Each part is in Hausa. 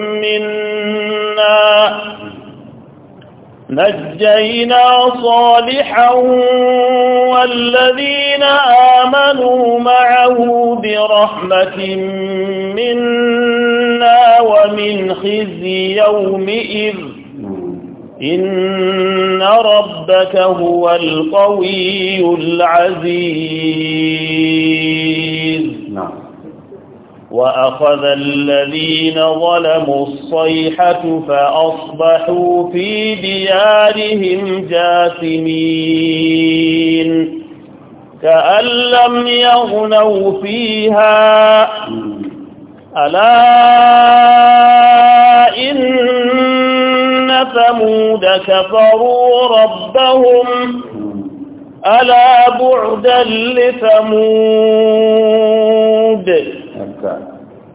منا نجينا صالحا والذين آمنوا معه برحمة منا ومن خزي يومئذ إن ربك هو القوي العزيز وأخذ الذين ظلموا الصيحة فأصبحوا في ديارهم جاثمين كأن لم يغنوا فيها ألا إن ثمود كفروا ربهم ألا بعدا لثمود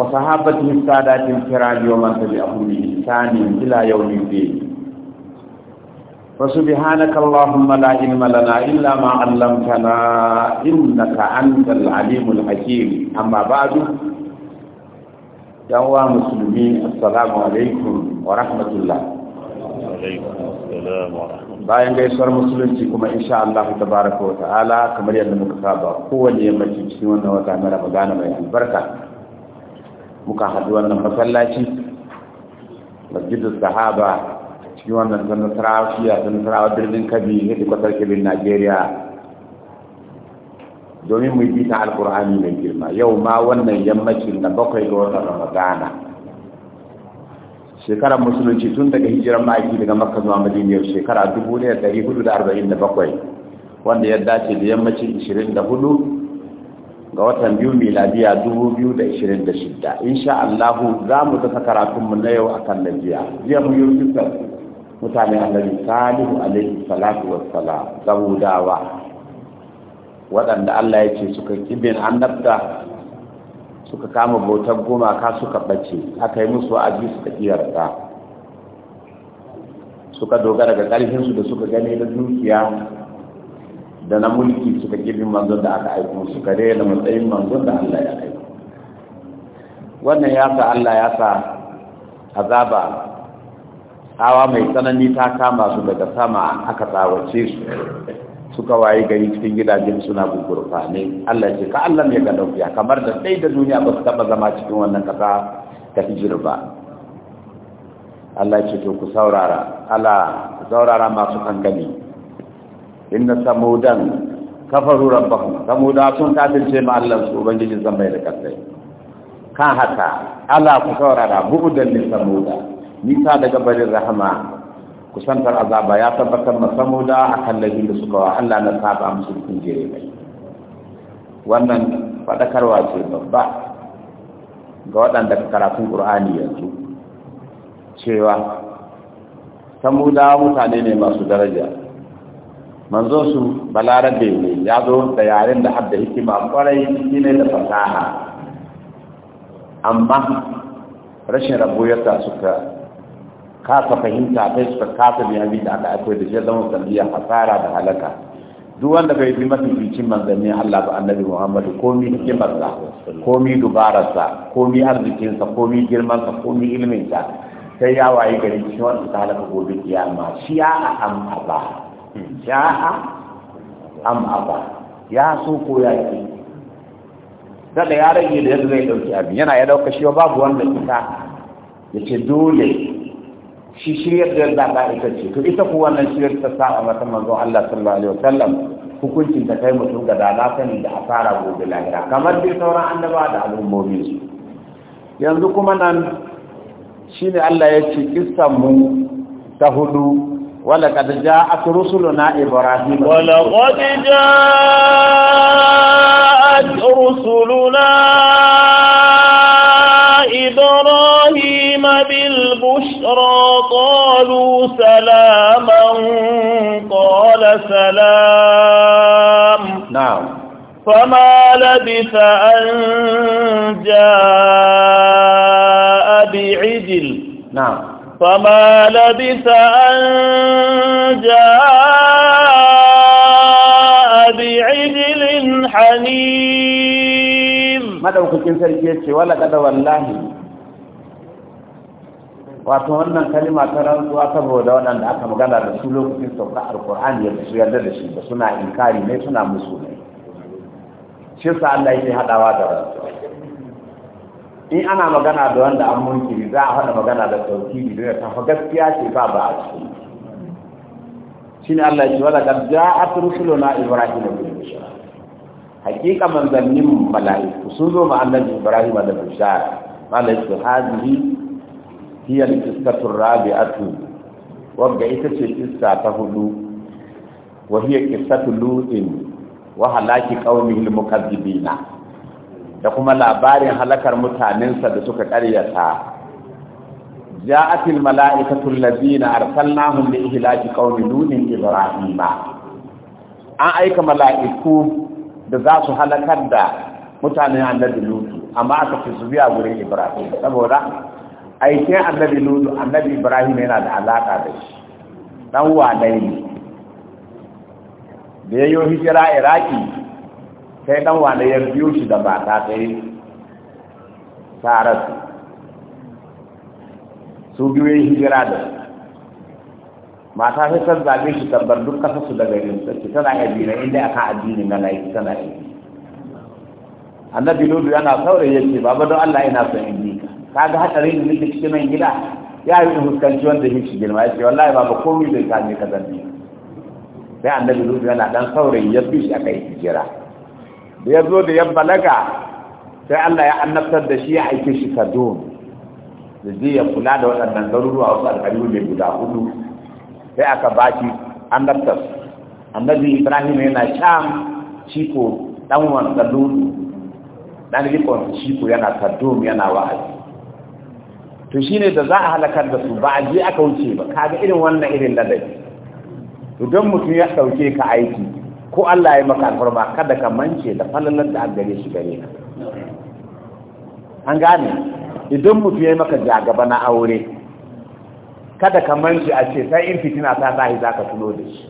وصحابته السادات الكرام ومن تبعهم بإحسان إلى يوم الدين فسبحانك اللهم لا علم لنا إلا ما علمتنا إنك أنت العليم الحكيم أما بعد يا مسلمين السلام عليكم ورحمة الله وعليكم السلام ورحمة الله bayan gaisuwar musulunci kuma insha Allah tabaraka wa ta'ala kamar yadda muka saba kowanne yammaci cikin wannan wata na Ramadan mai albarka muka haɗu wannan masallaci masjidin sahaba cikin wannan ta nasarawa shiya ta nasarawa birnin kabi hedi kwatar kebin najeriya domin mu bi ta alkur'ani mai girma yau ma wannan yammacin na bakwai ga wannan ramadana shekarar musulunci tun daga hijiran ma'aiki daga makka zuwa madina yau shekara 1447 wanda ya dace da yammacin 24 ga watan biyu miladiya 2026 insha Allah za mu karatun karatunmu na yau akan lajiya jiya mu yi fitar mutane annabi salihu alaihi salatu wassalam waɗanda Allah ya ce suka kibin annabta suka kama bautar goma ka suka bace aka yi musu wa'azi suka kiyarta suka dogara ga ƙarfinsu da suka gani na dukiya da na mulki suka kibin manzon da aka aiko suka da matsayin manzon da Allah ya aiko wannan ya sa Allah ya sa azaba hawa mai tsanani ta kama su daga sama aka tsawace su suka waye gari cikin gidajen suna gugurfa ne Allah ce ka Allah ne ga dauki kamar da sai da duniya ba su taba zama cikin wannan kasa ta hijir ba Allah ce to ku saurara ala saurara masu kankani inna samudan kafaru rabbahum samuda sun kafirce ma Allah su ubangiji zan bai da kasai kan haka Allah ku saurara bu'udan lil samuda nisa daga barin rahama kusantar azaba ya tabbatar ma samuda akan laifin da suka wa Allah na saba musu kun jere mai wannan fadakarwa ce babba ga waɗanda karatun Qur'ani yanzu cewa samuda mutane ne masu daraja manzon su balarabe ne ya zo da yaren da hadda hikima kwarai shi ne da fasaha amma rashin ta suka kasa fahimta kai suka kasa biyan bi da aka akwai da shi zama sandiya hasara da halaka duk wanda bai bi mafificin manzanni Allah ba annabi Muhammadu komi hikimarsa komi dubararsa komi arzikinsa komi girmansa komi ilminsa sai ya waye gari shi wanda ta halaka gobe kiyama shi ya amma ba sha'a am aba ya so ko ya ki da ya rage da yadda zai dauki abin yana ya dauka shi babu wanda ya ce dole shi shiryar da da ba ita ce to ita ku wannan shiryar ta sa a matan manzon Allah sallallahu alaihi wasallam hukuncin ta kai mutum ga dala sani da asara gobe lahira kamar dai sauran annaba da al'ummomi su yanzu kuma nan shine Allah ya ce kissan mu ta hudu ولقد جاءت رسلنا إبراهيم ولقد جاءت رسلنا إبراهيم بالبشرى قالوا سلاما قال سلام نعم فما لبث أن جاء بعجل نعم فما لبث أن جاء بعجل حنيف ماذا وكتن سرقية ولا قد والله wato wannan kalima ta rantsuwa saboda waɗanda aka magana da su lokacin sauka alkur'ani ya su yarda da shi ba suna inkari ne suna musu ne shi sa Allah yake haɗawa da rantsuwa in ana magana da wanda an munkiri za a faɗa magana da tauhidi da ta fa gaskiya ce ba ba a ciki ne Allah ya ce wala qad ja'at rusuluna ibrahim bil bishara hakika manzannin mala'iku sun zo ma annabi ibrahim da bishara malaiku hadhihi hiya al-qissatu rabi'atu wanda ita ce kissa ta hudu wa hiya qissatu lutin wa halaki qaumihil mukazzibina da kuma labarin halakar mutanensa da suka ƙaryata ja'atil mala'ikatul ladina arsalnahum li ihlaki qaumi nunin Ibrahim. an aika mala'iku da za su halakar da mutanen annabi lutu amma aka ce su biya gurin ibrahim saboda aikin annabi lutu annabi ibrahim yana da alaka da shi dan wane ne da yayi hijira iraki sai dan wane ya biyo shi da ta sai saratu su biyu ya hijira da mata sai ta zabe shi tabbar duk kasa su daga yin sarki tana kabila inda aka addini na laifi tana yi annabi lulu yana saurayi yace baba don Allah ina son in bi ka ga hatsarin da nake cikin nan gida ya yi in huskanci wanda ya shi girma Wala wallahi baba komai bai same ka zambi sai annabi lulu yana dan saurin ya fi shi aka yi hijira da ya zo da ya balaga sai Allah ya annabtar da shi ya aike shi kaduna da zai ya kula da waɗannan garuruwa wasu alƙalibu mai guda hudu sai aka baki annabtar annabi ibrahim yana sham ciko ɗan wanda lulu ɗan rikon ciko yana kadum yana wa'azi to shine da za a halakar da su ba a je aka wuce ba kaga irin wannan irin ladabi to don mutum ya ɗauke ka aiki ko Allah ya maka alfarma kada ka mance da falalar da an gare shi gare ka an gane idan mutum ya maka gaba na aure kada ka mance a ce sai in fitina ta tahi za ka tuno da shi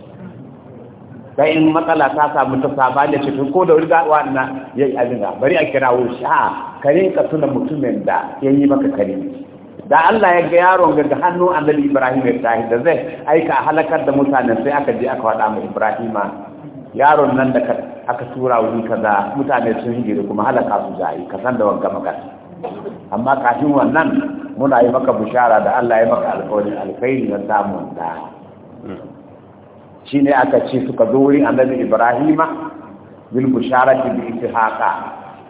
sai in matsala ta samu ta saba da cikin ko da wuri gawa na ya yi abin bari a kira wuce a kare ka tuna mutumin da ya yi maka kare da Allah ya ga yaron ga hannu annabi Ibrahim ya tahi da zai aika halakar da mutanen sai aka je aka wada mu Ibrahima yaron nan da aka tura wuri kaza mutane sun jiri kuma halaka su zai ka san da wanka maka amma kafin wannan muna yi maka bushara da Allah ya maka alƙawarin alƙairi na samun da ne aka ce suka zo wurin annabi Ibrahima bil ta bi ishaqa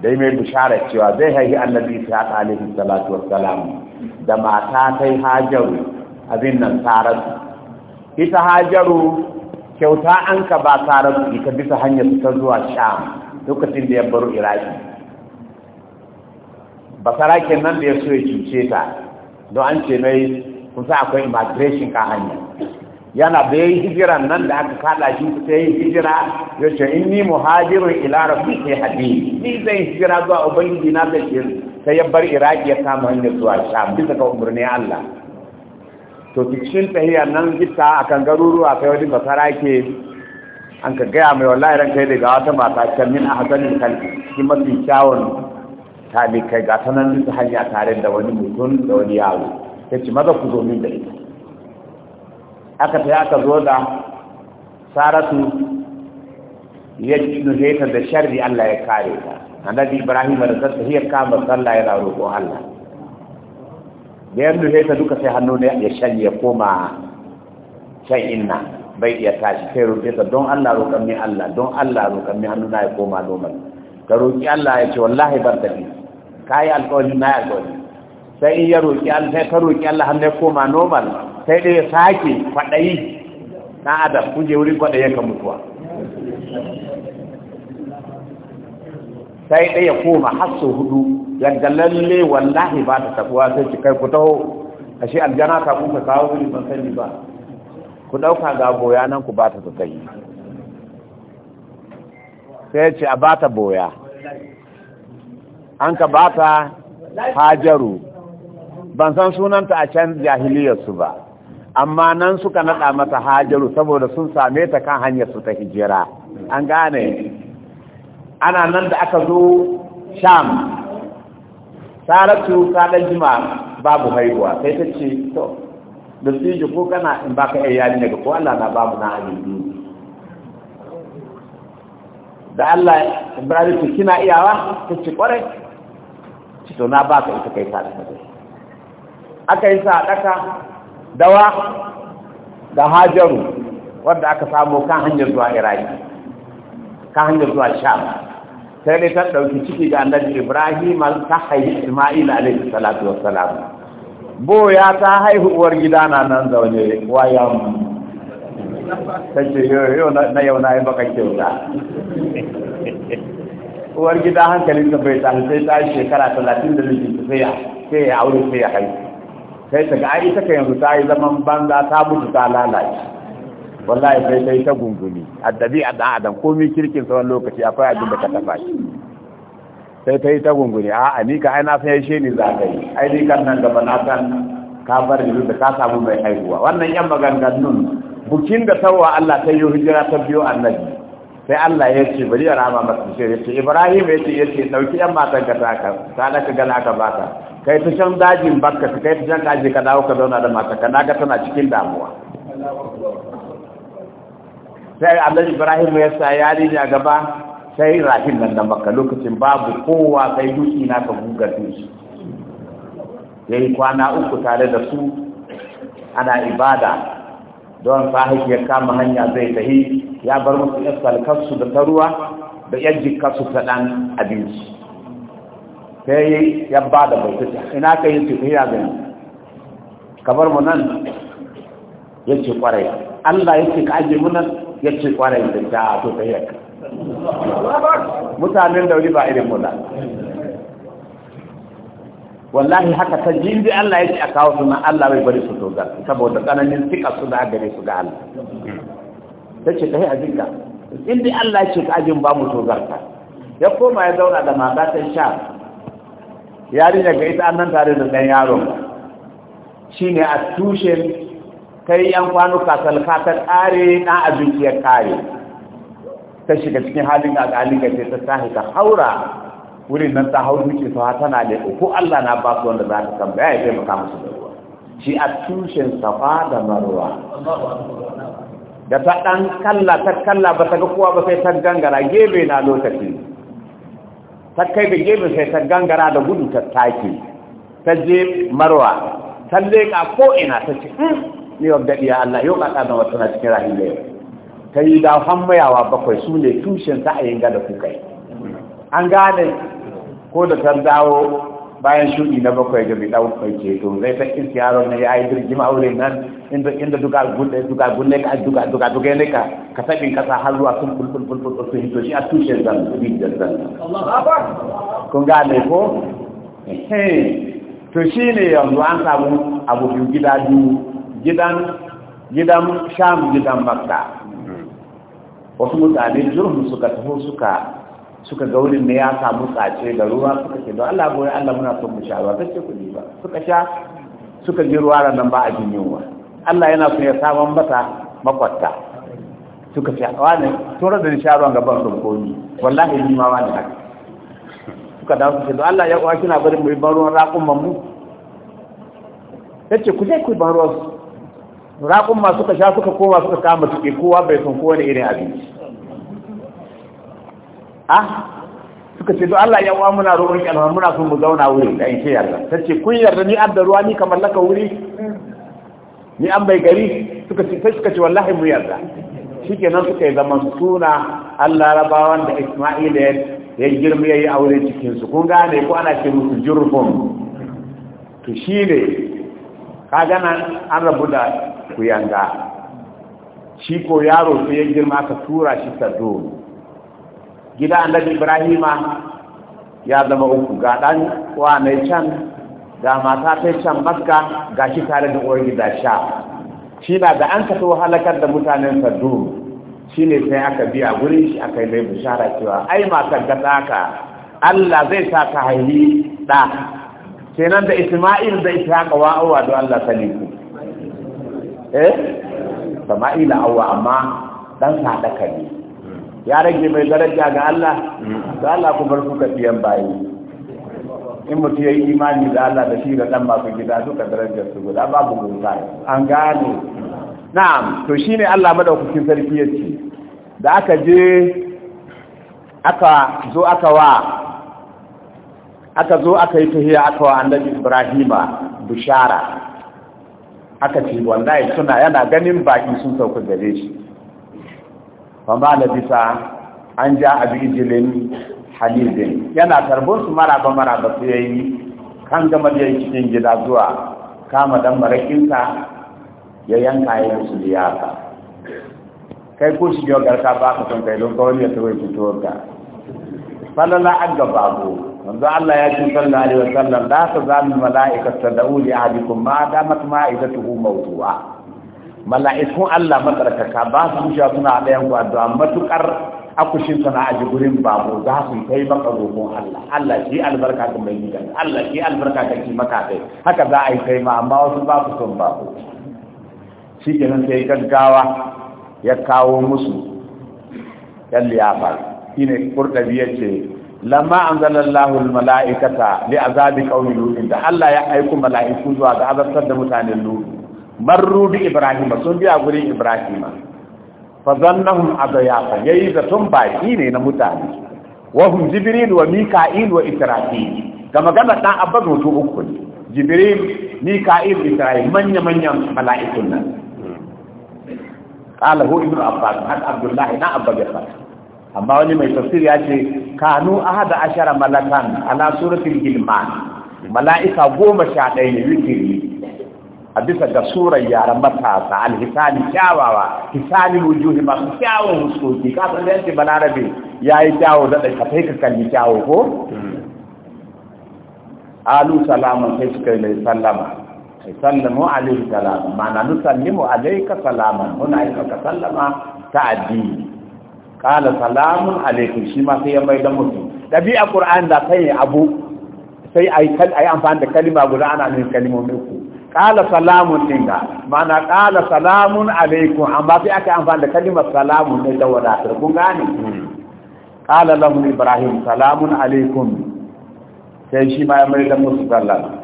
dai mai bushara cewa zai haihi annabi ishaqa alaihi salatu wassalam da mata kai hajaru abin nan saratu ita hajaru kyauta an ka ba tsarar ita bisa hanyar ta zuwa sham lokacin da ya baro iraki basaraken nan da ya so ya cuce ta don an ce mai kusa akwai immigration ka hanya yana da ya yi hijira nan da aka kada shi ta yi hijira ya ce in ni muhajirin ila rabbi sai hadi ni zai hijira zuwa ubangiji na zai ya bar iraki ya kama hanyar zuwa sham bisa ga umarnin allah to cikin tsahiyar nan gita akan kan garuruwa kai wani basara ke an ka gaya mai wallahi ran kai daga wata mata can min a hasanin kalbi shi mafi kyawun talikai ga sanan bisa hanya tare da wani mutum da wani yaro ya ce maza ku zo min da ita aka ta aka zo da saratu ya nuheta da sharri Allah ya kare ta annabi Ibrahim da sassa hiyar kama sallah yana roƙo Allah da ya nuna ta duka sai hannu ne ya shanye ya koma can inna bai iya tashi sai roƙe ta don Allah roƙan min Allah don Allah roƙan min hannu na ya koma normal ka roƙi Allah ya ce wallahi bar tafi ka yi alƙawari na alƙawari sai in ya roƙi Allah sai ka roƙi Allah hannu ya koma normal sai dai ya sake kwaɗayi na adam kuje wuri kwaɗayi ka mutuwa sai dai ya koma har hudu yadda lalle wallahi ba ta tabuwa sai ki kai ku taho ashe aljana ka ku kawo ni ban sani ba ku dauka ga boya nan ku ba ta ta sai sai ce a ba ta boya an ka ba ta hajaru ban san sunanta a can jahiliyarsu ba amma nan suka naɗa mata hajaru saboda sun same ta kan hanyarsu ta hijira an gane ana nan da aka zo sham saratu ka dan jima babu haihuwa sai ta ce to da su ko kana in baka ne ga ko Allah na babu na abin da Allah Ibrahim ki kina iyawa ta ce kwarai ci to na baka ita kai sadaka dai aka yi sa daka dawa da Hajaru wanda aka samu kan hanyar zuwa Iraki kan hanyar zuwa Sham sai dai ta ɗauki ciki ga annabi ibrahim ta haihu isma'il alaihi salatu wassalam boya ta haihu uwar gida na nan zaune mu ta ce yau na yau na yi baka kyauta uwar gida hankalin ta bai tafi sai ta yi shekara talatin da mijin ta sai sai ya aure sai ya haihu sai ta ga ai ita ka yanzu ta yi zaman banza ta mutu ta lalace wallahi sai sai ta gungumi addabi a dan adam komai kirkin tsawon lokaci akwai abin da ka tafa shi sai ta yi ta gungumi a a ni ka aina sun san yashe ni za ka yi ai ni kan nan gaba na san ka bar ni da ka samu mai haihuwa wannan yan maganganun bukin da tawa Allah ta yi hijira ta biyo annabi sai Allah ya ce bari ya rama masa shi ya ce Ibrahim ya ce ya ce dauki yan matan ka taka ta da ka gana ka baka kai ta shan dajin bakka kai ta shan kaji ka dawo ka zauna da mata ka naga tana cikin damuwa sai Allah ibrahim ya sa yari a gaba sai rahim nan da makka lokacin babu kowa sai duki na ka buga duki yayi kwana uku tare da su ana ibada don sahih ya kama hanya zai tahi ya bar musu yan salkarsu da ta ruwa da yan jikarsu ta ɗan abinci sai ya ba da ina ka yi tafiya gani kabar mu nan ya ce kwarai allah ya ce ka aje mu nan ya ce kwarai da ta to ta yanka mutanen wuri ba irin mula wallahi haka ta jindi Allah ya ce a kawo suna Allah bai bari su dogar saboda tsananin tika su da gare su ga Allah ta ce ta yi ajinka indi Allah ya ce ka ajin ba mu dogar ka ya koma ya zauna da matatan sha yarinya ga ita annan tare da ɗan yaron shi ne a tushen Kai yan kwanuka salka ta ƙare na abinci ya ƙare ta shiga cikin halin da ƙalin gace ta sahi ta haura wurin nan ta hau duki ta tana da ko Allah na ba su wanda za ta tambaya ya maka musu da ruwa shi a tushen safa da marwa da ta ɗan kalla ta kalla ba ta ga kowa ba sai ta gangara gebe na lokaci ta kai da gebe sai ta gangara da gudu ta take ta je marwa ta leƙa ko ina ta ce hmm, ne wa daɗi ya Allah yau ƙaƙa da wata na cikin rahim ta yi da mayawa bakwai su ne tushen a ga da kukai. an gane ko da ta dawo bayan shuɗi na bakwai ga mai ɗaukar ceto zai ta kinsu yaron na ya yi jirgin aure nan inda duka gulle ka duka duka duka ne ka ka sabin kasa har zuwa sun fulful su a tushen zan ne yanzu an samu abu biyu gidan gidan sham gidan makka wasu mutane jirgin suka taho suka suka ga wurin da ya samu tsace da ruwa suka ce don Allah goyi Allah muna son mu sha ruwa ta ce kuɗi ba suka sha suka ji ruwa ranar ba a jin yunwa Allah yana son ya saman mata makwatta suka ce wani tura da sha ruwan gaban sun koyi wallahi ni ma wani haka suka da su ce don Allah ya kwa kina bari mu yi ban ruwan raƙun mamu ta ce ku je ku ban ruwan raƙun ma suka sha suka koma suka kama suke kowa bai san kowane irin abinci a suka ce to Allah ya wa muna roƙon ki muna son mu zauna wuri da in ce yarda ce kun yarda ni an da ruwa ni kamar laka wuri ni an bai gari suka ce sai suka ce wallahi mu yarda shikenan suka yi zaman suna Allah rabawan da Isma'il ya girma yi aure cikin su kun gane ko ana ce musu jurfun to ne ka gana an rabu da kuyanga shi ko yaro sai ya girma ka tura shi sado gida annabi ibrahima ya zama uku ga dan wa mai can ga mata ta can makka ga shi tare da uwar gida sha shi na da an kato halakar da mutanen sado shi ne sai aka biya gurin shi aka yi mai bishara cewa ai matar ga allah zai sa ka haihi ɗa kenan da isma'il da ishaqa wa'awa don allah saliku eh sama'ila awwa amma dan sadaka ne ya rage mai daraja ga Allah da Allah ku bar suka biyan bayi in mutu yayi yi imani da Allah da shi da dan ku gida duka darajar su guda babu gunta an gane na'am to shine Allah madaukakin sarki yace da aka je aka zo aka wa aka zo aka yi tahiya aka wa annabi Ibrahima bishara aka ce wallahi suna yana ganin baki sun sauka gare shi fama da bisa an ja abijilin halibin yana tarbon su maraba maraba su yayi kan gama da cikin gida zuwa kama dan marakinsa ya yanka ya musu liyafa kai ko shi yau garka ba ka son kai don kawai ya tawai fitowar ka falala an gaba manzo Allah ya ce sallallahu alaihi wasallam la tazalu malaika tad'u li ahadikum ma damat ma'idatuhu mawdu'a mala'ikun Allah matsarkaka ba su sha suna ɗayan ku addu'a matukar akushin sana a jigurin babu za su kai maka roƙon Allah Allah shi albarka ga mai gidan Allah shi albarka ga ki maka kai haka za a yi kai ma amma wasu ba su son babu shi kenan sai gaggawa ya kawo musu yan liyafa shine kurdabi yace lamma anzalallahu almalaikata li azabi qaumi lut da Allah ya aiko mala'iku zuwa ga azabtar da mutanen lut marru bi ibrahim sun biya gurin ibrahim fa zannahum adayafa yayi da tun baki ne na mutane wa hum jibril wa mika'il wa israfil ga magana dan abbas mutu uku ne jibril mika'il israfil manya manyan mala'ikun nan qala hu ibnu abbas had abdullahi na abbas ya amma wani mai tafsir ya ce kanu ahada ashara malakan ala suratul gilman mala'ika goma sha ɗaya ne wikiri a bisa ga surar yaran matasa alhisani kyawawa hisani wujuhi masu kyawun huskoki kasan da yanke balarabe ya yi kyawo da ka kai ka kalli kyawo ko alu salama sai suka yi mai sallama sai sallamu alaihi salama mana nusallimu alaika salama muna yi ka sallama ta addini qala salamun alaikum shi ma sai ya mai da mutum dabi'a qur'an da sai abu sai a yi amfani da kalima guda ana nufin kalmomi uku qala salamun dinga mana qala salamun alaikum amma sai aka amfani da kalmar salamun ne da wadatar kun gane qala lahum ibrahim salamun alaikum sai shi ma ya mai da musu sallallahu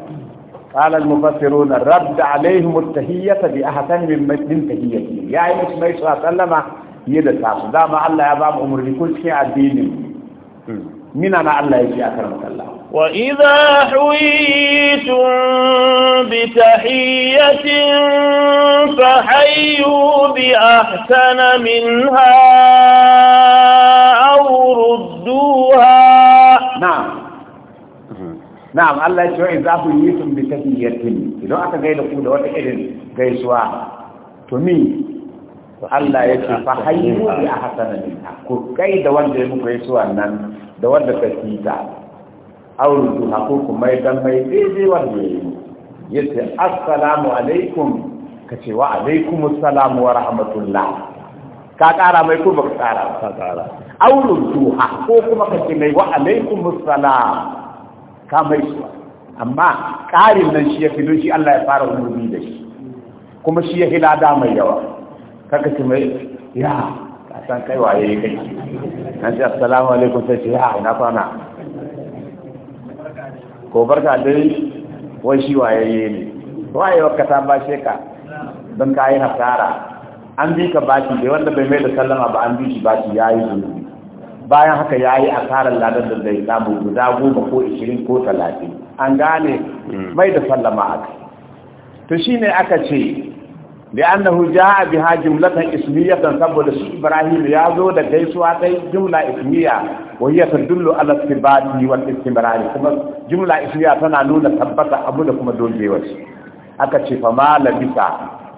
قال المفسرون الرد عليهم التهية بأحسن من ya يا إمس ميسو سلم fiye da tasu dama Allah ya ba mu umarni ko cikin addinin mina na Allah yake a karan Allah wa idza huyitum bi tahiyatin fa hayyu bi ahsana minha aw rudduha na'am na'am Allah ya ce wa idza huyitum bi tahiyatin idan aka gaida ku da wata irin gaisuwa to ni Allah ya ce fa hayyu bi ahsana minha ku kai da wanda ya muku yaso wannan da wanda ka kita auru duha ko kuma dan mai dai wanda ya ce assalamu alaikum ka ce wa alaikum assalam wa rahmatullah ka kara mai ko baka kara ka kara auru duha ko kuma ka ce mai wa alaikum assalam ka mai shi amma karin nan shi ya fi shi Allah ya fara umurni da shi kuma shi ya hilada mai yawa kaka ce mai ya ka san kai waye kai Na ce assalamu alaikum sai ce ya na kwana ko barka dai wai shi waye ne waye kasa ba shi ka don ka yi hasara an bi ka baki da wanda bai mai da sallama ba an bi shi baki ya yi zunubi bayan haka ya yi asarar ladar da zai samu guda goma ko ishirin ko talatin an gane hmm. mai da sallama aka to shi ne aka ce لأنه جاء بها جملة اسمية تنسبه لشيء إبراهيم يازو لكيسو هاتي جملة اسمية وهي تدل على الثبات والاستمرار كما جملة اسمية تنانون ثبت أبودكم دول جيوش أكتش فما لبسا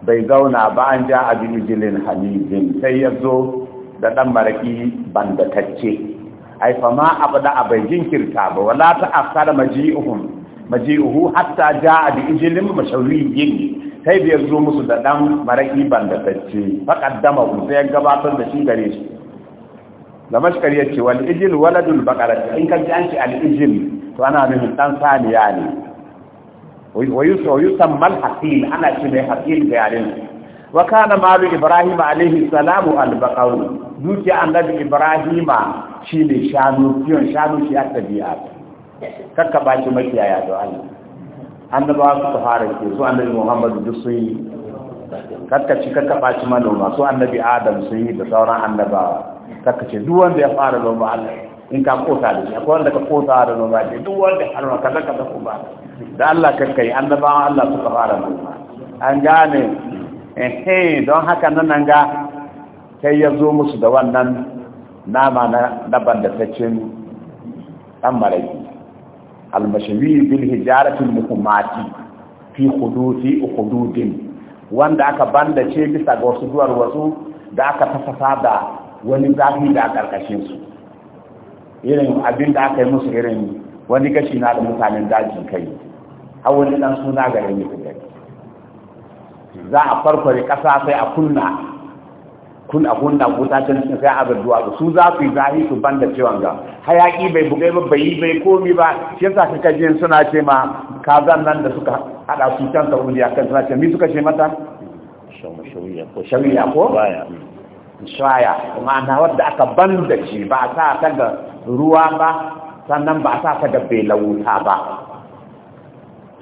بيزونا بأن جاء بمجل حميد سيزو دم مركي بندتك أي فما أبدأ بيجين كرتاب ولا تأخر مجيئهم maji'uhu hatta ja'a bi ijlin mashawiyyin sai da zo musu da dan maraki bandatacce faqaddama ku sai gabatar da shi gare shi da ya ce, wal ijl waladul baqarati in kan ji an ce al ijl to ana nufin dan saniya ne wa yusamma al hasil ana ce mai hasil da yaren wa kana malu ibrahim alaihi salamu al baqaru dukiya annabi ibrahima ne shanu kiyon shanu shi a tabi'a kakka ba shi makiyaya da Allah annabawa ta fara ce su annabi Muhammadu duk sun yi kakka ci kakka ba shi manoma su annabi Adam sun yi da sauran annabawa kakka ce duk wanda ya fara noma Allah in ka kosa da shi akwai wanda ka kosa da noma ce duk wanda ya fara kaza kaza ko ba da Allah kakka yi annabawa Allah suka fara noma an gane eh don haka nan ga kai ya zo musu da wannan nama na daban da ta cin ɗan maraiki almashawi bil hijaratil muhimmati fi hududi hududin wanda aka bandace bisa ga wasu duwar wasu da aka tafasa da wani zafi da a karkashin su irin abin da aka yi musu irin wani gashi na da mutanen daji kai har wani dan suna gari ne za a farfare kasa sai a kunna kuna kunna can cikin sai abin duwatsu su za su yi zahi su banda cewa ga hayaki bai bugai ba bai yi bai komi ba shi yasa kaka jin suna ce ma kazan nan da suka hada su can wuri akan suna ce mi suka ce mata shawiya ko shaya kuma na wadda aka banda ci ba sa ta da ruwa ba sannan ba sa ta da belawuta ba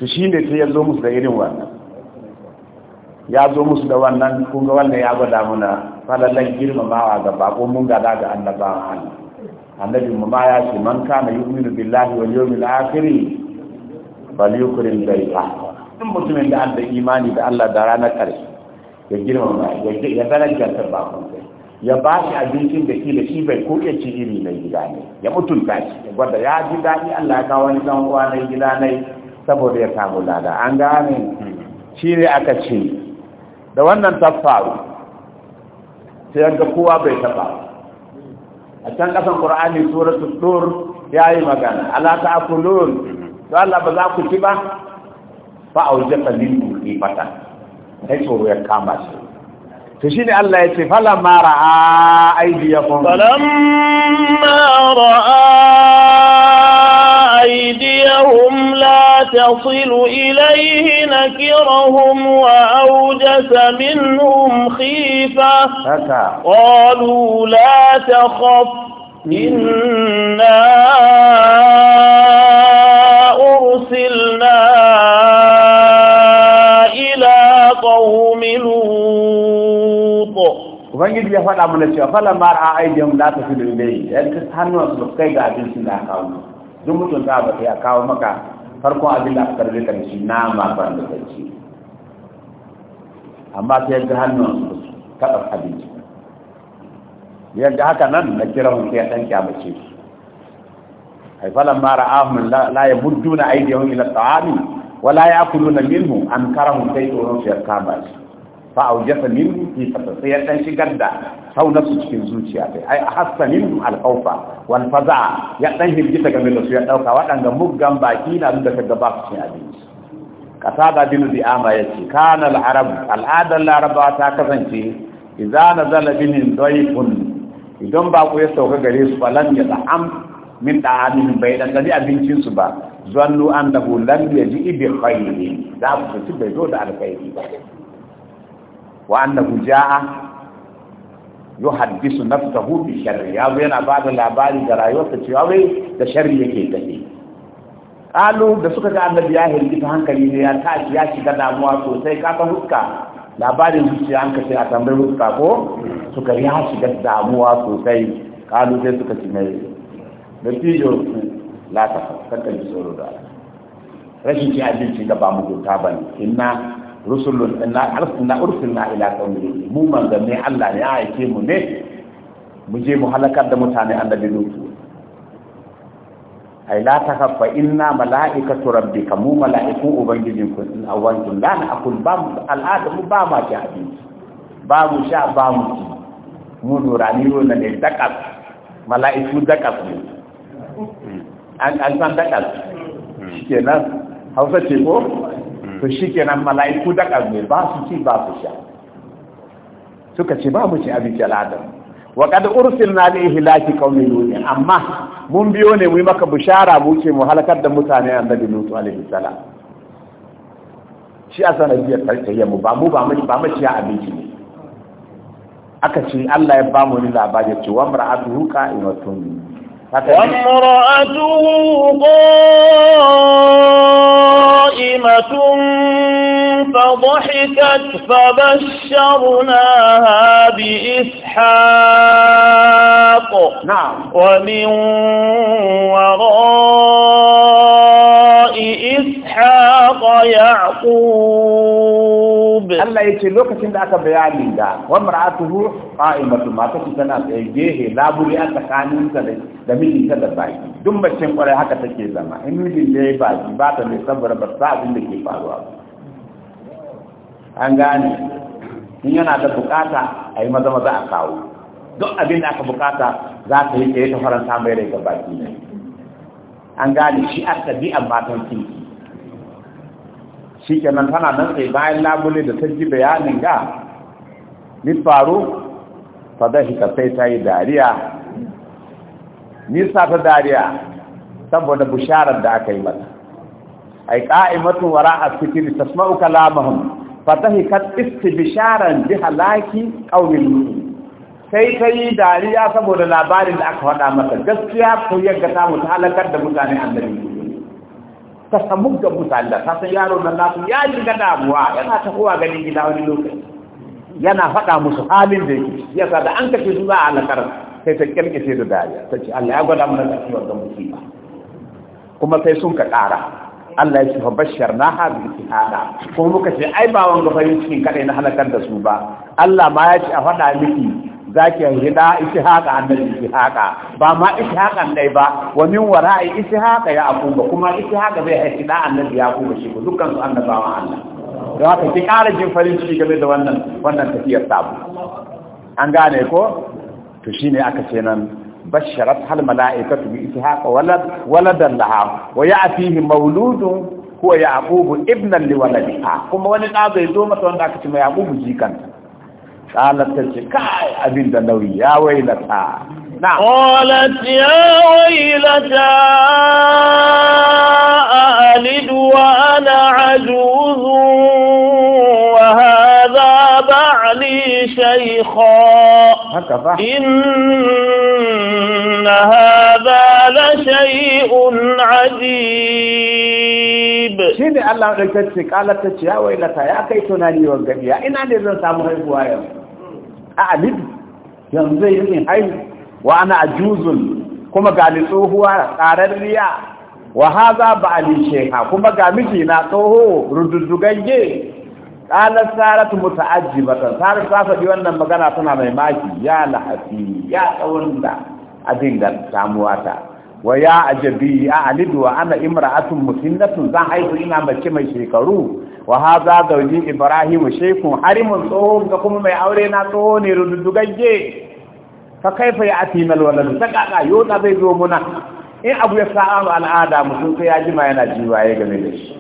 to shine sai ya zo musu da irin wannan ya zo musu da wannan kunga wannan ya gwada muna falalan girmamawa ga bako mun gada ga annabawa hannu annabi mu ma ya ce man kana yu'minu billahi wal yawmil akhir falyukrim dayfa in mutumin da Allah imani da Allah da ranar karshe ya girmama ya ya darajar bakon sai ya ba shi abincin da shi da shi bai ko ya ci iri na gida ne ya mutunta shi ya gwada ya ji daɗi Allah ya kawo wani dan uwa na gida ne saboda ya samu lada an gane shi ne aka ce da wannan ta faru sai ga kowa bai taba a can kasan qur'ani suratul dur yayi magana ala ta'kulun to Allah ba za ku ci ba fa aujata ki fata. sai tsoro ya kama shi to shine Allah ya ce fala mara aidiyakum falamma ra'a أيديهم لا تصل إليه نكرهم وأوجس منهم خيفة قالوا لا تخف إنا أرسلنا إلى قوم لوط ubangiji ya faɗa mana cewa falamar a aidiyam la tafidu ilayhi yan hannuwansu ba kai ga abincin da aka kawo duk mutunta ba sai a kawo maka farkon abin da aka karbe kan shi nama ba da kanci amma sai yadda hannun su kada abinci yadda haka nan na kira hun sai dan kyamace su ai falan mara ahum la yabudduna aydihum ila ta'ami wala ya'kuluna minhu an karahum sai tsoron su ya kama shi fa jasa min fi sai ya dan shigar da saunarsu cikin zuciya sai ai min al alkhawfa wal faza ya dan hirgita daga da su ya dauka waɗanda muggan baki na da kaga ba su cin abinci kasada bin di'ama yace kana al-arab la laraba ta kasance idza nazala bin dayfun idan ba ku ya sauka gare su falan ya am min da amin bai da gani abincin su ba zannu annahu lam yaji bi khairin da su ci bai zo da alkhairi wa annahu jaa yuhaddisu nafsahu bi sharri ya yana ba da labari da rayuwarsa ciwa wai da sharri yake tafi kalu da suka ga annabi ya ta hankali ne ya tashi ya shiga damuwa sosai ka huska labarin zuciya an kace a tambayi huska ko suka ya shiga damuwa sosai kalu sai suka ci mai da tijo la ta kakkan tsoro da rashin ci abinci da ba mugunta bane inna rusulun inna arsalna ursilna ila qaumihi mu manzanni Allah ne ya aike mu ne mu je mu halakar da mutane annabi lutu ai la takaffa inna malaikatu rabbika mu malaiku ubangijin ku in awantum la naqul bam al'adamu ba ma ki hadisi ba mu sha ba mu ci mu nurani ne ne dakas malaiku dakas ne an an san dakas hmm. kenan hausa ce ko to nan mala'iku da kalmai ba su ci ba su sha suka ce ba mu ci abinci al'adar wa na da ihila ki kaunin lut amma mun biyo ne mu yi maka bishara mu ce mu halakar da mutane annabi lut alaihi salam shi a sanadiyar tarkayyar mu ba mu ba mu ba mu ci abinci ne aka ce Allah ya ba mu ni labari cewa mar'atu ka inatun وامرأته قائمة فضحكت فبشرناها بإسحاق نعم ومن وراء إسحاق يعقوب الله يتلوك تندعك بيانين دا ومرعاته قائمة ما تكتنا بيجيه لا بري أتكانين سلي دمين كذا باي دم بشم ولا هكذا كذا إنه اللي باي باتني صبر اللي كيف أروح an gane in yana da bukata a yi maza maza a kawo don abin da aka bukata za ta yi tsaye ta faranta mai rai ga baki an gane shi a a matan kinki shi kenan tana nan tsaye bayan labule da ta ji bayanin ga ni faru ta ka sai ta yi dariya nisa ta dariya saboda bisharar da aka yi mata ai ka'imatu wara a cikin tasma'u kalamahum fatahikat istibsharan bi halaki qaumin sai ta dariya saboda labarin da aka faɗa masa gaskiya ko yadda ta mu halakar da mutane annabi ta samu ga mutane da ta san yaro nan nasu ya ji ga damuwa yana tafowa ganin gida wani lokaci yana faɗa musu halin da yake sa da an kace su za halakar sai ta kirkice da dariya ta ce Allah ya gwada mana kasuwar da musiba kuma sai sun ka ƙara Allah ya shafa bashar na haɗu hada kuma muka ce ai ba wanga farin cikin kaɗai na halakar da su ba Allah ma ya ce a faɗa miki za ki hida ishaqa annabi haƙa, ba ma ishaqan dai ba wa min wara'i haƙa ya ba kuma haƙa zai haifi da annabi ya akuba shi dukkan su annabawan Allah don haka ki ƙara jin farin ciki game da wannan wannan tafiyar tabu an gane ko to shine aka ce nan بشرت هل ملائكة بإسحاق ولد ولدا لها ويأتيه مولود هو يعقوب ابنا لولدها كما ولد هذا يدوم توندا كتم يعقوب جيكان قالت تلك كاي أبين دنوي يا ويلتا نعم قالت يا ويلتا أألد وأنا عجوز لي شيخا إن هذا لشيء عجيب شيني الله ركتشي قالت تشي يا ويلتا يا كيتنا لي وانقبيا إنا نزل سامو هيبوا يوم أعلم ينزل يمين هاي وأنا أجوز كما قال الأوهوة قاررية وهذا بعلي شيخا كما قال مجينا طوهو رددقية qalat saratu muta'ajjibatan saratu ta faɗi wannan magana tana mai maki ya lahasi ya tsawon da abin da samuwa ta wa ya ajabi ya alidu wa ana imra'atun musinnatun zan haihu ina mace mai shekaru wa hadha zawji ibrahim shaykhun harimun tsohon ga kuma mai aure na tsoho ne rududdugagge fa kaifa ya atinal walad sakaka yo da zai zo muna in abu ya sa'a al'ada mutum sai ya jima yana jiwaye game da shi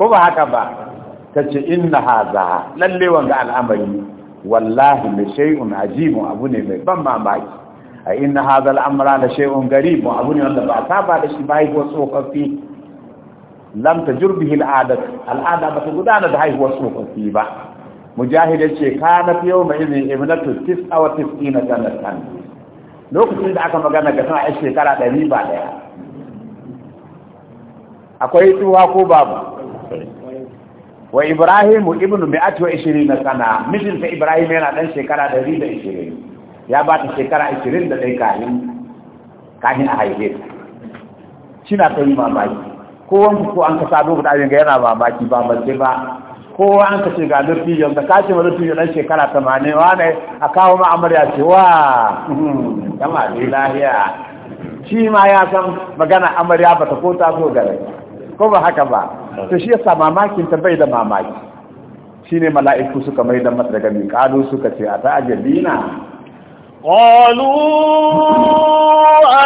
ko ba haka ba tace inna hadha lalle wanga al'amari wallahi mai shay'un ajibun abu ne mai ban mamaki a inna hadha da la shay'un mu abu ne wanda ba ba da shi bai ko tsofaffi lam tajur bihi al'adat al'ada ba ta gudana da haihuwar tsofaffi ba mujahid yace kana yawma idhin ibnatu 99 sanatan lokacin da aka magana ga tana shekara 100 ba daya akwai tuwa ko babu wa ibrahim ibnu mi'ati wa 20 sana mijinta ibrahim yana dan shekara 120 ya ba ta shekara da dai kahin kahin a haife ta na ta yi mamaki kowan ko an ka dubu da abin ga yana mamaki ba mace ba kowa an ka ce ga dattijon da kace ma dattijon dan shekara 80 wa ne a kawo ma amarya ce wa kama dai lahiya shi ma ya san magana amarya ba ta ko ta so gare ko ba haka ba to shi yasa mamakin ta bai da mamaki Shi ne mala'iku suka mai da matsagami daga suka ce a ta ajalina قالوا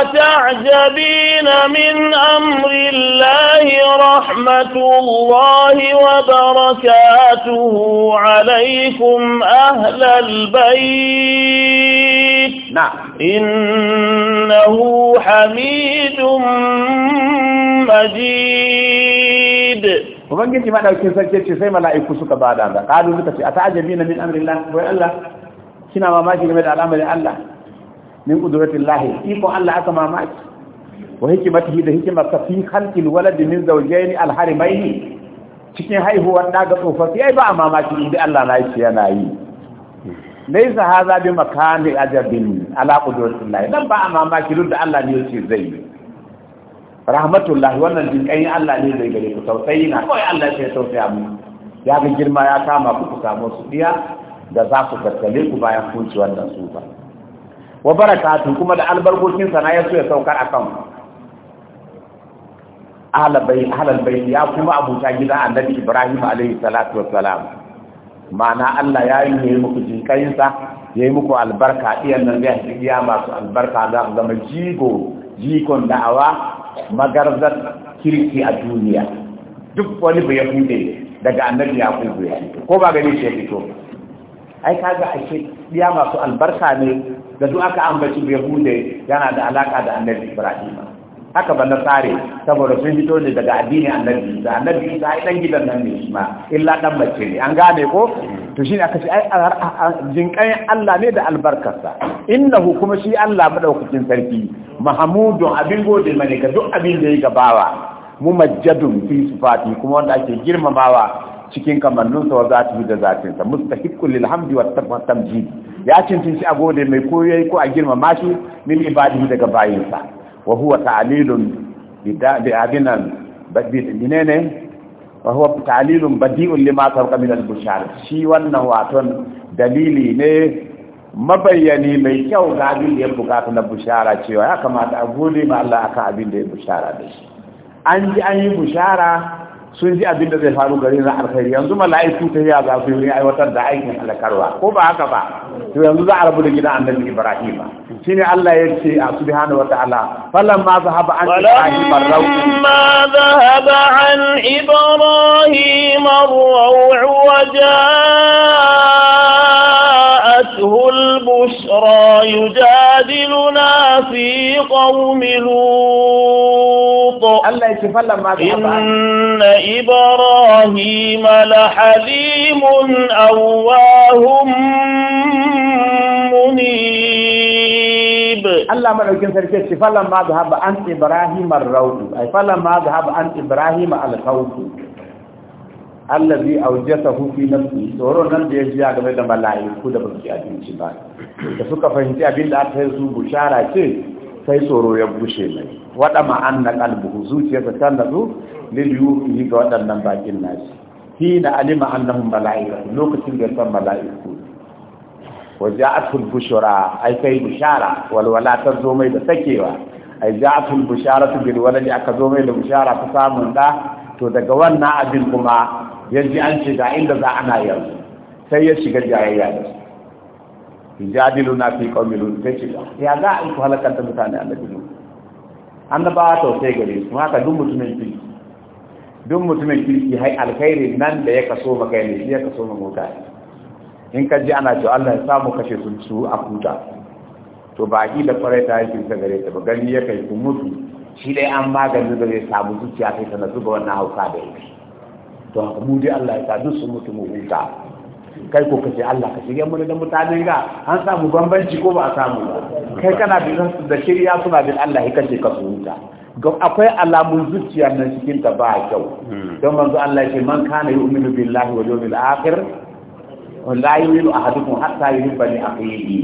أتعجبين من أمر الله رحمة الله وبركاته عليكم أهل البيت نعم. إنه حميد مجيد ومن قلت ما لو كنت ما لا يكسوك بعد هذا قالوا لك أتعجبين من أمر الله وإلا kina mamaki game da al'amarin Allah min qudratil lahi iko Allah aka mamaki wa hikimatihi da hikimarsa fi khalqil walad min zawjayn al harimayn cikin haihuwar da ga tsofaffi ai ba a mamaki inda Allah na yi yana yi laisa haza bi makani ajabin ala qudratillahi dan ba a mamaki duk da Allah ne yake zai rahmatullah wannan jinkai Allah ne zai gare ku tausayi na kai Allah ya tausaya mu ya ga girma ya kama ku ku samu su diya da za ku tattale ku bayan kun ci wannan sufa wa barakatun kuma da albarkokin sana ya so ya saukar a kan ahlal bai ya kuma abuta gida annabi ibrahim alaihi salatu wassalam ma'ana Allah ya yi mai muku jinkayinsa ya yi muku albarka ɗiyan nan zai haɗi iya masu albarka za ku zama jigo jikon da'awa magarzar kirki a duniya duk wani bai hude daga annabi ya kuma ya ko ba gani shi ya fito ai kaga ake biya masu albarka ne da duk aka ambaci hude yana da alaka da annabi ibrahim haka ba na tsare saboda sun fito ne daga addini annabi da annabi isa ai dan gidan nan ne ma illa dan mace ne an gane ko to shine aka ce ai jinkan Allah ne da albarkarsa innahu kuma shi Allah madaukakin sarki mahamudun abin gode mane ka duk abin da yake bawa mumajjadun fi sifati kuma wanda ake girmamawa cikin kamanninsa wa zatihi da zatinsa mustahiqqul lilhamdi wa tamjid ya cancanci a gode mai koyoyi ko a girmama shi min ibadihi daga bayinsa wa huwa ta'lilun bi abinan wa huwa ta'lilun badi'un lima sabqa min al bushar shi wannan waton dalili ne mabayyani mai kyau ga abin da ya bukata na bushara cewa ya kamata a gode ma Allah akan abin da ya bushara da shi an ji an yi bushara sun ji abin da zai faru gari na alkhairi yanzu mala'iku ta ya za su yi aiwatar da aikin halakarwa ko ba haka ba to yanzu za a rabu da gidan annabi ibrahim shine Allah ya ce a subhanahu wa ta'ala falan ma zahaba an ibrahim barrau ma zahaba an ibrahim ar-ru'u wa ja'atuhu al-bushra yujadiluna fi qaumi lut لوط الله يكفل ما إن إبراهيم لحليم أواه منيب الله ملوكين سركي فلما ذهب عن إبراهيم الروض أي فلما ذهب عن إبراهيم الخوف allazi awjatahu fi nafsi tsoron nan da ya ji game da mala'iku da basu ji abinci ba da suka fahimci abin da aka yi su bushara ce sai tsoro ya bushe mai waɗa ma'an na ƙalbuhu zuciyarsa ta natsu liliyuhi ga waɗannan bakin nashi fi na alima annahum mala'iku lokacin da san mala'iku wa ja'atul bushra ai kai bushara walwala ta zo mai da sakewa ai ja'atul bushara bil walad aka zo mai da bushara ta samun da to daga wannan abin kuma yanzu an ce ga inda za ana yanzu sai ya shiga jayayya da yujadilu na fi qaumi lut sai ce ya za a yi ku halakar da mutane annabi lut annaba ta sai gare su haka duk mutumin kirki duk mutumin kirki hai alkhairi nan da ya kaso maka ne ya kaso maka mota. in ka ji ana cewa Allah ya samu kashe sun su a kuta to ba ki da kwarai ta yake ta gare ta ba gani ya kai ku mutu shi dai an maganin da zai samu zuciya kai ta na zuba wannan hauka da yake to haka mu dai Allah ya sa duk su mutu mu huta kai ko kace Allah ka shirya mun da mutanen ga an samu bambanci ko ba a samu ba kai kana bin da shirya suna bin Allah ka ce ka Don akwai alamun zuciya nan cikin ta ba kyau hmm. don manzo Allah ce man kana yu'minu billahi wa yawmil akhir la yu'minu ahadukum hatta yuhibba li akhihi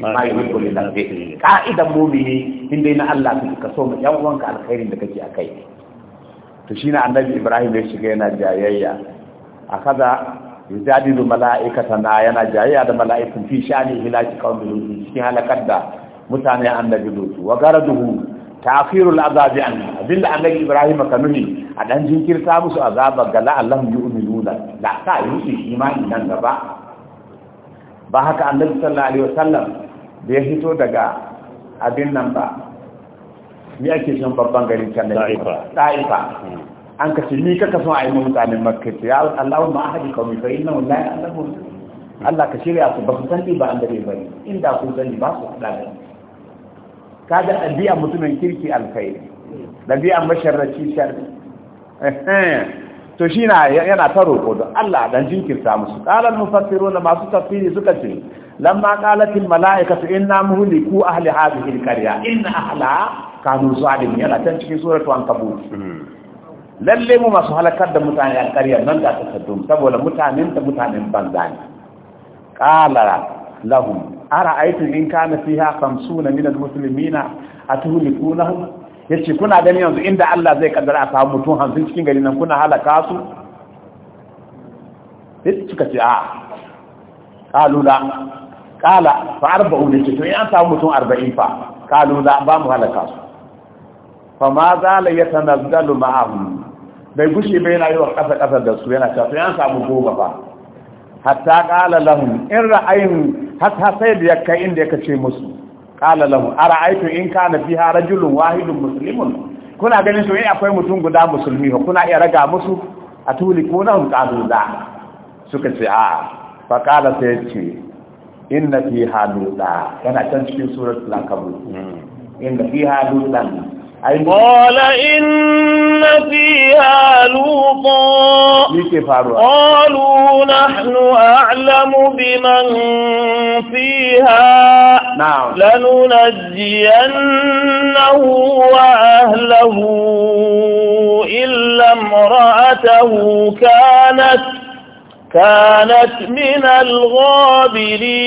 ma yuhibbu li nafsihi qa'ida mu'mini inda ina Allah ka so mu yan uwanka alkhairin da kake akai to shine annabi Ibrahim ya shiga yana jayayya akaza yujadilu mala'ikatana yana jayayya da mala'ikun fi shani hilaki qaumin lut cikin halakar da mutane annabi lut wa garaduhu ta'khirul azabi an bil annabi ibrahim Kanuni, a dan jinkirta musu azaba ga Allah yu'minuna da ka yi imani nan gaba ba haka annabi sallallahu alaihi wasallam da ya hito daga abin nan ba ni ake shan babban garin kan da ta'ifa hmm. an ka ce ni ka so a yi mutanen makka ce ya Allah ma ahadi kawai fa inna wallahi Allah Allah ka shirya su ba su san ba an dare bari inda kun sani ba su hada da kaga ɗabi'a mutumin kirki alkhairi ɗabi'a masharraci sharri to shi na yana ta roƙo don Allah dan jinkirta musu qalan na masu tafsiri suka ce lamma qalatil mala'ikatu inna muhliku ahli hadhihi alqarya inna ahla kanu zalimin yana tan cikin suratul ankabut mm-hmm. lalle mu masu halakar da mutane a ƙarya nan da aka saddum saboda mutanen da mutanen banza ne qala lahum ara'aytum in kana fiha 50 min al-muslimina a yace kuna gani yanzu inda Allah zai kaddara a samu mutum hamsin cikin gari nan kuna halaka su sai suka ce a qalu la fa arba'u ne to in an samu mutum arba'in fa Kalula, ba mu halaka su fa ma za la yatanazzalu ma'ahum bai gushe bai yana yi wa ƙasa ƙasa da su yana cewa yan samu goma ba hatta ƙala lahum in ra'ayin hatta sai da ya kai inda ya kace musu ƙala lahum a ra'aitu in ka kana fiha rajulun wahidun musulmin? kuna ganin to in akwai mutum guda musulmi ba kuna iya raga musu a tuli ko nan ƙazo da suka ce a fa ƙala sai ce inna fiha duda, yana can cikin suratul ankabut hmm. inna fiha duda. قال إن فيها لوطا قالوا نحن أعلم بمن فيها نعم لننجينه وأهله إلا امرأته كانت كانت من الغابرين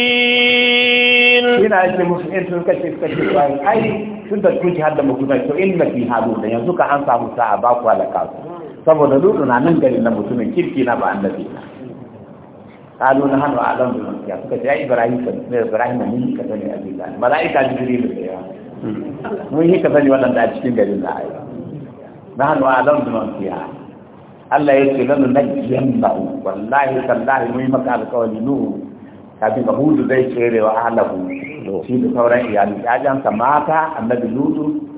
ina yake musu in sun kace suka ce wai ai tun da kun ji hadda muku bai to in mafi halu da yanzu ka an samu sa'a ba ku saboda lutu na nan garin na mutumin kirki na ba annabi kalu na hanu alam da ya suka ce ai ibrahim ka ne ibrahim ne ka sani azizan malaika jibril da ya mun yi ka sani wannan da cikin gari da ai na hanu alam da ya Allah ya ce lalu na ba'u, wallahi tallahi mun maka alƙawari nu kafin ka hudu zai cere wa ahlahu shi da sauran iyali ƴaƴansa mata annabi lutu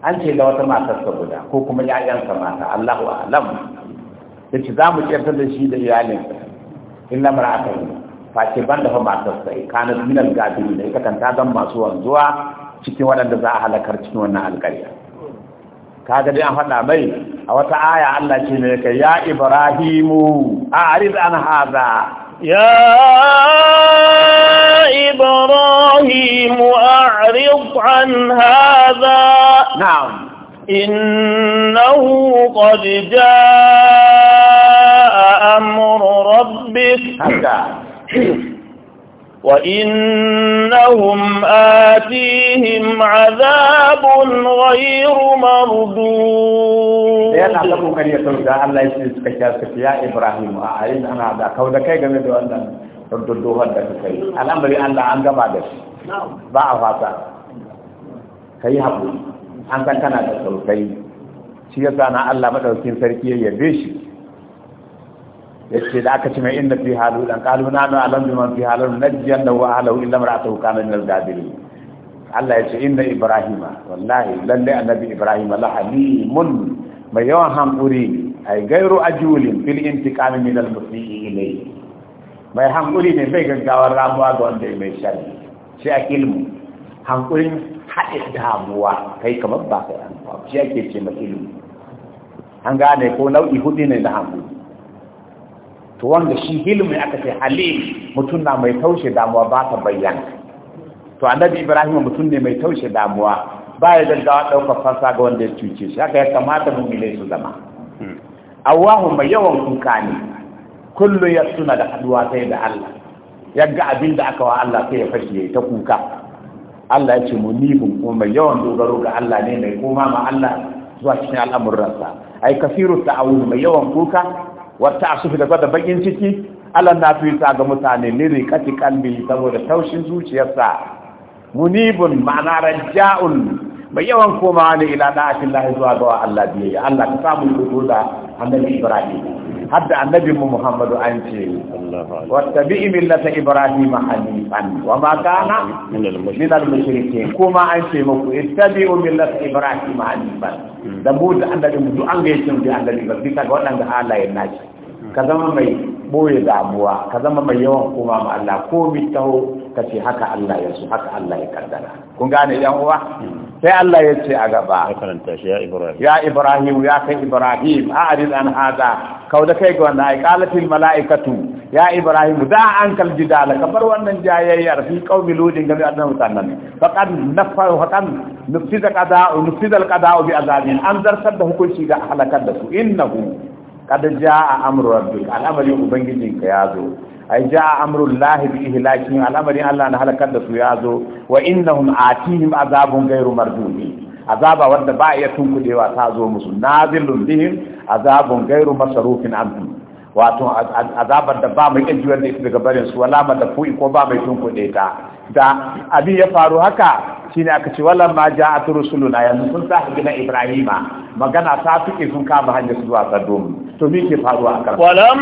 an ce da wata ta guda ko kuma ƴaƴansa mata Allahu a'lam yace za mu ta da shi da iyalinsa illa fa ce ban da sai eh, kana minal gafiri da ita kan ta zama masu wanzuwa cikin waɗanda za a halakar cikin wannan alƙarya kaga dai an fada mai a wata aya Allah ce ne kai ya Ibrahimu a'rid an haza ya Ibrahimu a'rid an haza na'am innahu qad jaa amru rabbik hada وإنهم آتيهم عذاب غير مردود yana da kokari ya sauka Allah ya ce suka kya su ya Ibrahim a ayin ana da kau kai game da wannan dodohar da suka yi al'amari Allah an gama da shi ba a fata kai haƙuri an san kana da shi yasa na Allah maɗaukin sarki ya shi yace da aka ce mai inna fi halu dan qalu na na alam biman fi halu najjan da wa alahu illa mar'atuhu kana min al gadir Allah yace inna ibrahima wallahi lalle annabi ibrahima la halimun mai yawan hankuri ay gairu ajulin fil intiqami min al-musii ilayhi mai hankuri ne bai gaggawar rabuwa ga wanda mai sharri shi a ilmu hankurin haɗe damuwa kai kamar ba kai an shi ake ce mai ilmu an gane ko nau'i hudu ne na hankuri to wanda shi hilmi aka ce halim mutum na mai taushe damuwa ba ta bayyana to annabi ibrahim mutum ne mai taushe damuwa ba ya gaggawa ɗaukar fasa ga wanda ya cuce shi haka ya kamata mile su zama awahu mai yawan kuka ne kullum ya suna da haduwa sai da allah ya ga abin da aka wa allah sai ya fashe ya ta kuka allah ya ce mu nifin kuma mai yawan dogaro ga allah ne mai koma ma allah zuwa cikin al'amuransa ai kafiru ta'awun mai yawan kuka wata sufi da gwada bakin ciki alan na fi ga mutane liri kati kalbi saboda taushin zuciyarsa munibun ma'ana raja'un mai yawan koma ne ila da'atin lahi zuwa ga Allah biyayya Allah ka samu kudu da annabi Ibrahim hadda annabin mu Muhammadu an ce wattabi'i millata Ibrahim hanifan wa ma kana min al-mushrikeen koma an ce muku ittabi'u millata Ibrahim hanifan hmm. da mu da annabi mu an ga yace da annabi ba bisa ga waɗanda halayen naci ka zama mai boye damuwa ka zama mai yawan koma ma Allah ko mi taho ka ce haka Allah ya so haka Allah ya kaddara kun gane yan uwa sai Allah ya ce a gaba ya Ibrahim ya kai Ibrahim a'rid an hada kau da kai ga wannan ai qalatil malaikatu ya Ibrahim da an kal jidal bar wannan jayayyar fi qaumi ludin game annabi mutanen faqad nafaru faqad nufiza qada'u nufiza al qada'u bi azabin an zartar da hukunci ga halakar da su innahu kada a amru rabbik al'amarin ubangijinka ya zo ai a amru lahi bi ihlakin al'amarin Allah na halakar da su ya zo wa innahum atihim azabun ghairu mardudi azaba wanda ba iya tunkudewa ta zo musu nazilun bihim azabun gairu masarufin anhum wato azabar da ba mai ajiyar da ita daga barin su wala fu'i ko ba mai tunkuɗe ta da abin ya faru haka shine aka ce wala ma ja'at rusuluna yanzu sun sa gina ibrahima magana ta fike sun kama hanyar zuwa sadom to me ke faruwa a kan walam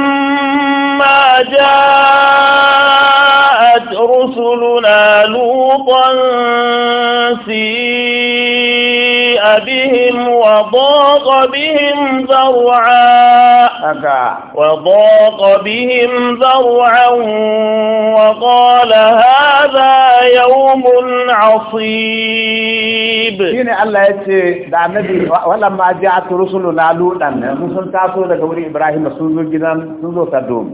ma ja'at rusuluna lutan si abihim wa daqa bihim zar'a وضاق بهم ذرعا وقال هذا يوم عصيب qarib shine Allah yace da annabi wallan ma ja'at na ludan mun sun taso daga wuri Ibrahim sun zo gidan sun zo Sodom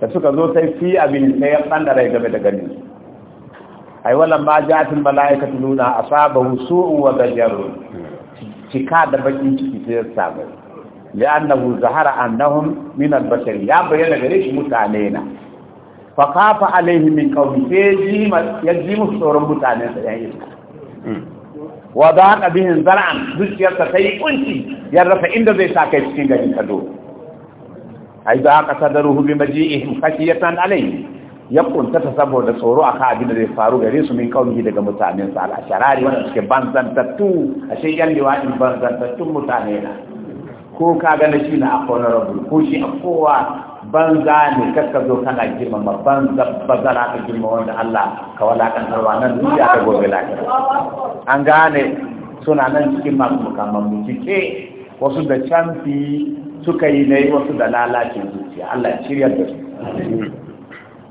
da suka zo sai fi abin sai ya rai game da gani ai wallan ma ja'at malaikatu luna asaba su'u wa bajaru cika da bakin ciki sai ya samu li'annahu zahara annahum min al-bashar ya bayyana gare shi mutane na fa kafa alaihi min qawmi sai ya ji musu tsoron mutanen sa yayin hmm. wa bihin zar'an zuciyarsa ta yi kunci ya rasa inda zai sa kai cikin gari kado ai da aka sadaruhu bi maji'ihim khashiyatan alaihi ya ƙuntata saboda tsoro a kan abin da zai faru gare su min kaunihi daga mutanen sa al wanda suke banzantattu a shi yan liwaɗin banzantattun mutane na ko ka gane shi na rabu, ko shi a kowa banza ne kakka zo kana girmama banza a ka girma wanda Allah ka harwa nan duniya ka gobe lafiya an gane suna nan cikin masu mukamman bincike wasu da canfi suka yi na wasu da lalacin zuciya Allah shirya da su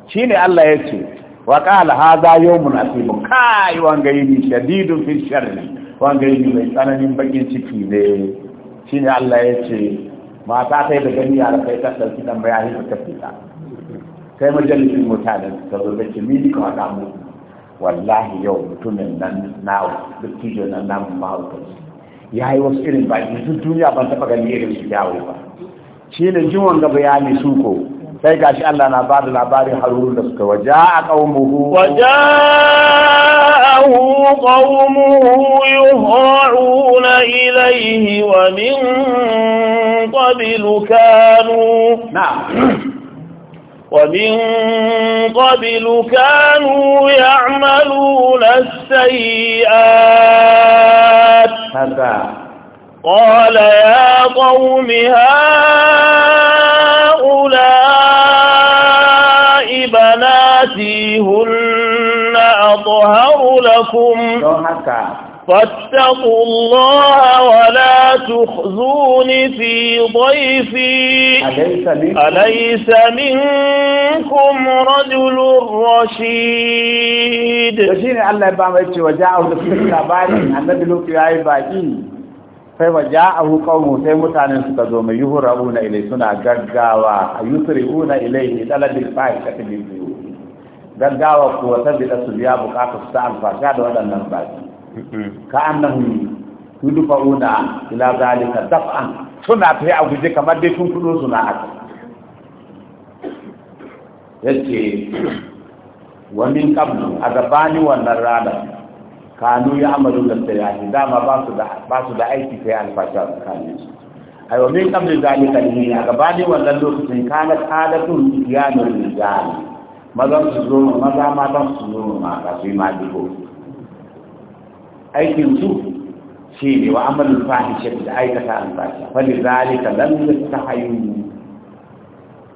shi ne Allah ya ce wa ƙala ha za yau munasibin kai wanga yi ni shadidun fi sharri wanga yi mai tsananin bakin ciki ne shi ne Allah ya ce mata sai da gani yara kai ta ɗauki ɗan hin ta fita. ta sai majalisin mutane ta zo da ce mini ka haɗa mu wallahi yau mutumin nan nawo duk tijo nan namun mahaukaci ya yi wasu irin ba. duk duniya ban taɓa gani irin su yawo ba shi ne jin wanga bayani su ko sai gashi Allah na bada labarin harun da suka waje a ƙaunuhu waje a hu ƙaunuhu yi horuna ilaihi wa min ƙabilu kanu na ومن قبل كانوا يعملون السيئات قال يا قوم هذا هؤلاء بناتي هن أطهر لكم فاتقوا الله ولا تخزون في ضيفي أليس منكم رجل رشيد وشين الله يبقى وجعه لكم النبي لك يا عباكي sai wa a qawmu sai mutanen suka zo mai yuhrabuna ilai suna gaggawa a yusriuna ilai talabil fa'ikati biyu. gaggawa ko ta bi su biya bukatu su ta alfasha da waɗannan baki ka annahum una ila zalika daf'an suna ta yi a guje kamar dai sun kudu suna haka yace wa min qablu a gabani wannan ranar kanu ya amalu da sayani dama ba su da ba su da aiki sai alfasha tsakanin su A wa min qabl kan ne a gabani wannan lokacin kana qalatun yanul rijal mazan su zo maza matan su zo mata su ma digo aikin su shi ne wa amalu fahishe da aikata alfasha fa lidhalika lam yastahayu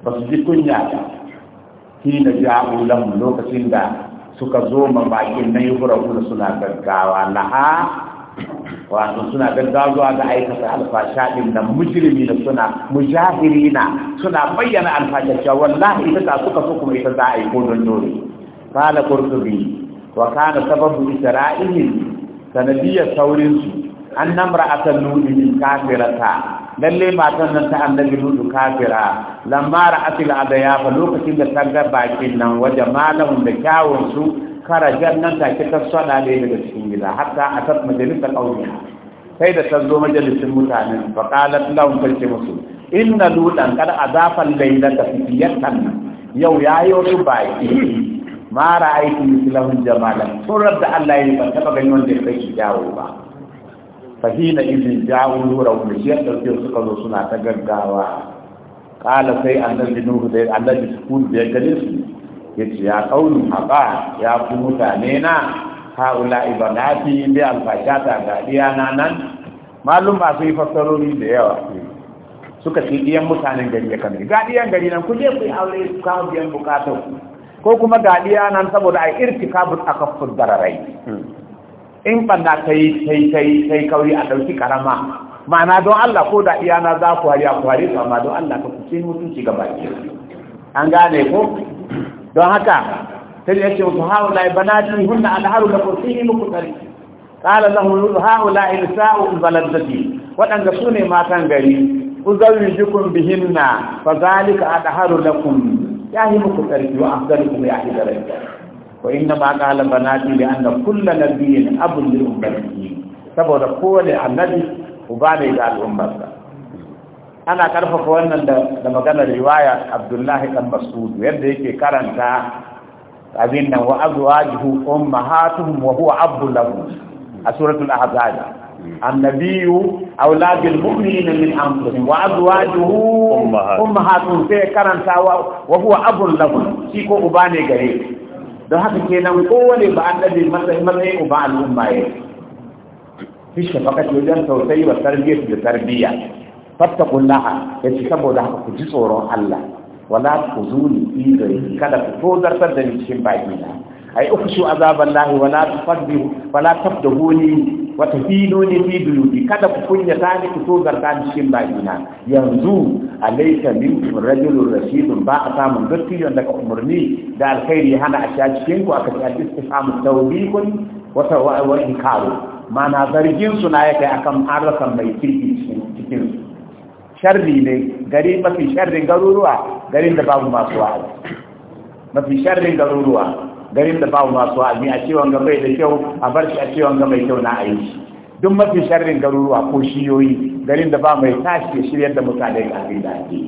ba su ji kunya ta na ja'u lahum lokacin da suka zo ma bakin nan yuhrabuna suna gaggawa ha. wato suna gaggawa zuwa ga aikata alfashaɗin na da da suna mujahirina suna bayyana alfasha cewa wallahi ita ta suka so kuma ita za a yi ko don dole qala qurtubi wa kana sababu isra'ilin sanadiyar saurinsu an namra aka nuni kafirata lalle matan nan ta annabi lutu kafira lamma ra'atil adaya fa lokacin da ta bakin nan wajen malahun da kyawun su karajan nan ta ta sada ne daga cikin gida hatta atat majalisa qaumiha sai da ta zo majalisin mutanen fa qalat lahum kace musu inna dudan kad azafa laylata fiyatan yau yayi wasu baki ma ra'aytu mislahu jamalan surat da Allah ya ba taba ganin wanda ya kai jawo ba fahina izin ja'u nura da shi dauke suka zo suna ta gaggawa kala sai annabi nuhu da annabi sukun da ya gani su yace ya kauni haba ya ku mutane na haula ya bi alfashata ga diyana nan malum masu yi fassarori da yawa suka ce diyan mutanen gari ya kamar ga diyan gari nan ku je ku aure ku kawo biyan bukatar ko kuma gaɗiya nan saboda a ai a akaffud dararai in banda ta yi sai sai kauri a ɗauki karama ma'ana don Allah ko da iyana za ku hari a ku hari su amma don Allah ka kuce mutunci ga baki an gane ko don haka sai ya ce musu haula banati hunna alharu da kusihi muku tsari qala lahu haula nisa'u baladati wadanda sune matan gari uzawwijukum bihinna zalika adharu lakum yahi muku tsari wa afdalukum yahi daraja وإنما قال بناتي لأن كل نبي أب لأمته saboda kowane annabi uba ne ga al'ummarsa ana karfafa wannan da maganar riwaya abdullahi dan masud yadda yake karanta abin nan wa azwajuhu ummahatuhum wa huwa abdu lahum a suratul ahzab annabiyyu auladul mu'minina min anfusihim wa azwajuhu ummahatuhum sai karanta wa huwa abdu lahum shi ko uba ne gare don haka kenan kowane ba an daɗe matsayin uba al'umma ya fi shafaka wajen tausayi wa tarbiyyar da tarbiyya fattakullaha ya ce saboda haka ku ji tsoron Allah wala ku zuni fi kada ku tozartar da cikin baki na ai ukhshu azaballahi wala tafaddu wala tafdahuni wata hino ne fi buyuti kada ku kunya ta ne ku so zarta cikin bakina yanzu alaysa min rajulun rashidun ba a samun dattijon daga umarni da alkhairi hana a sha cikin ku aka ci al-istifhamu tawbikun wata wa'in karu mana zargin suna ya kai akan arrakan mai kirki cikin sharri ne gari mafi sharrin garuruwa garin da babu masu wa'azi mafi sharrin garuruwa garin da babu masu wa'azi a cewa ga bai da kyau a bar shi a cewa ga mai kyau na a duk mafi sharrin garuruwa ko shiyoyi garin da ba mai tashi ya shirya da mutane ga abin da ake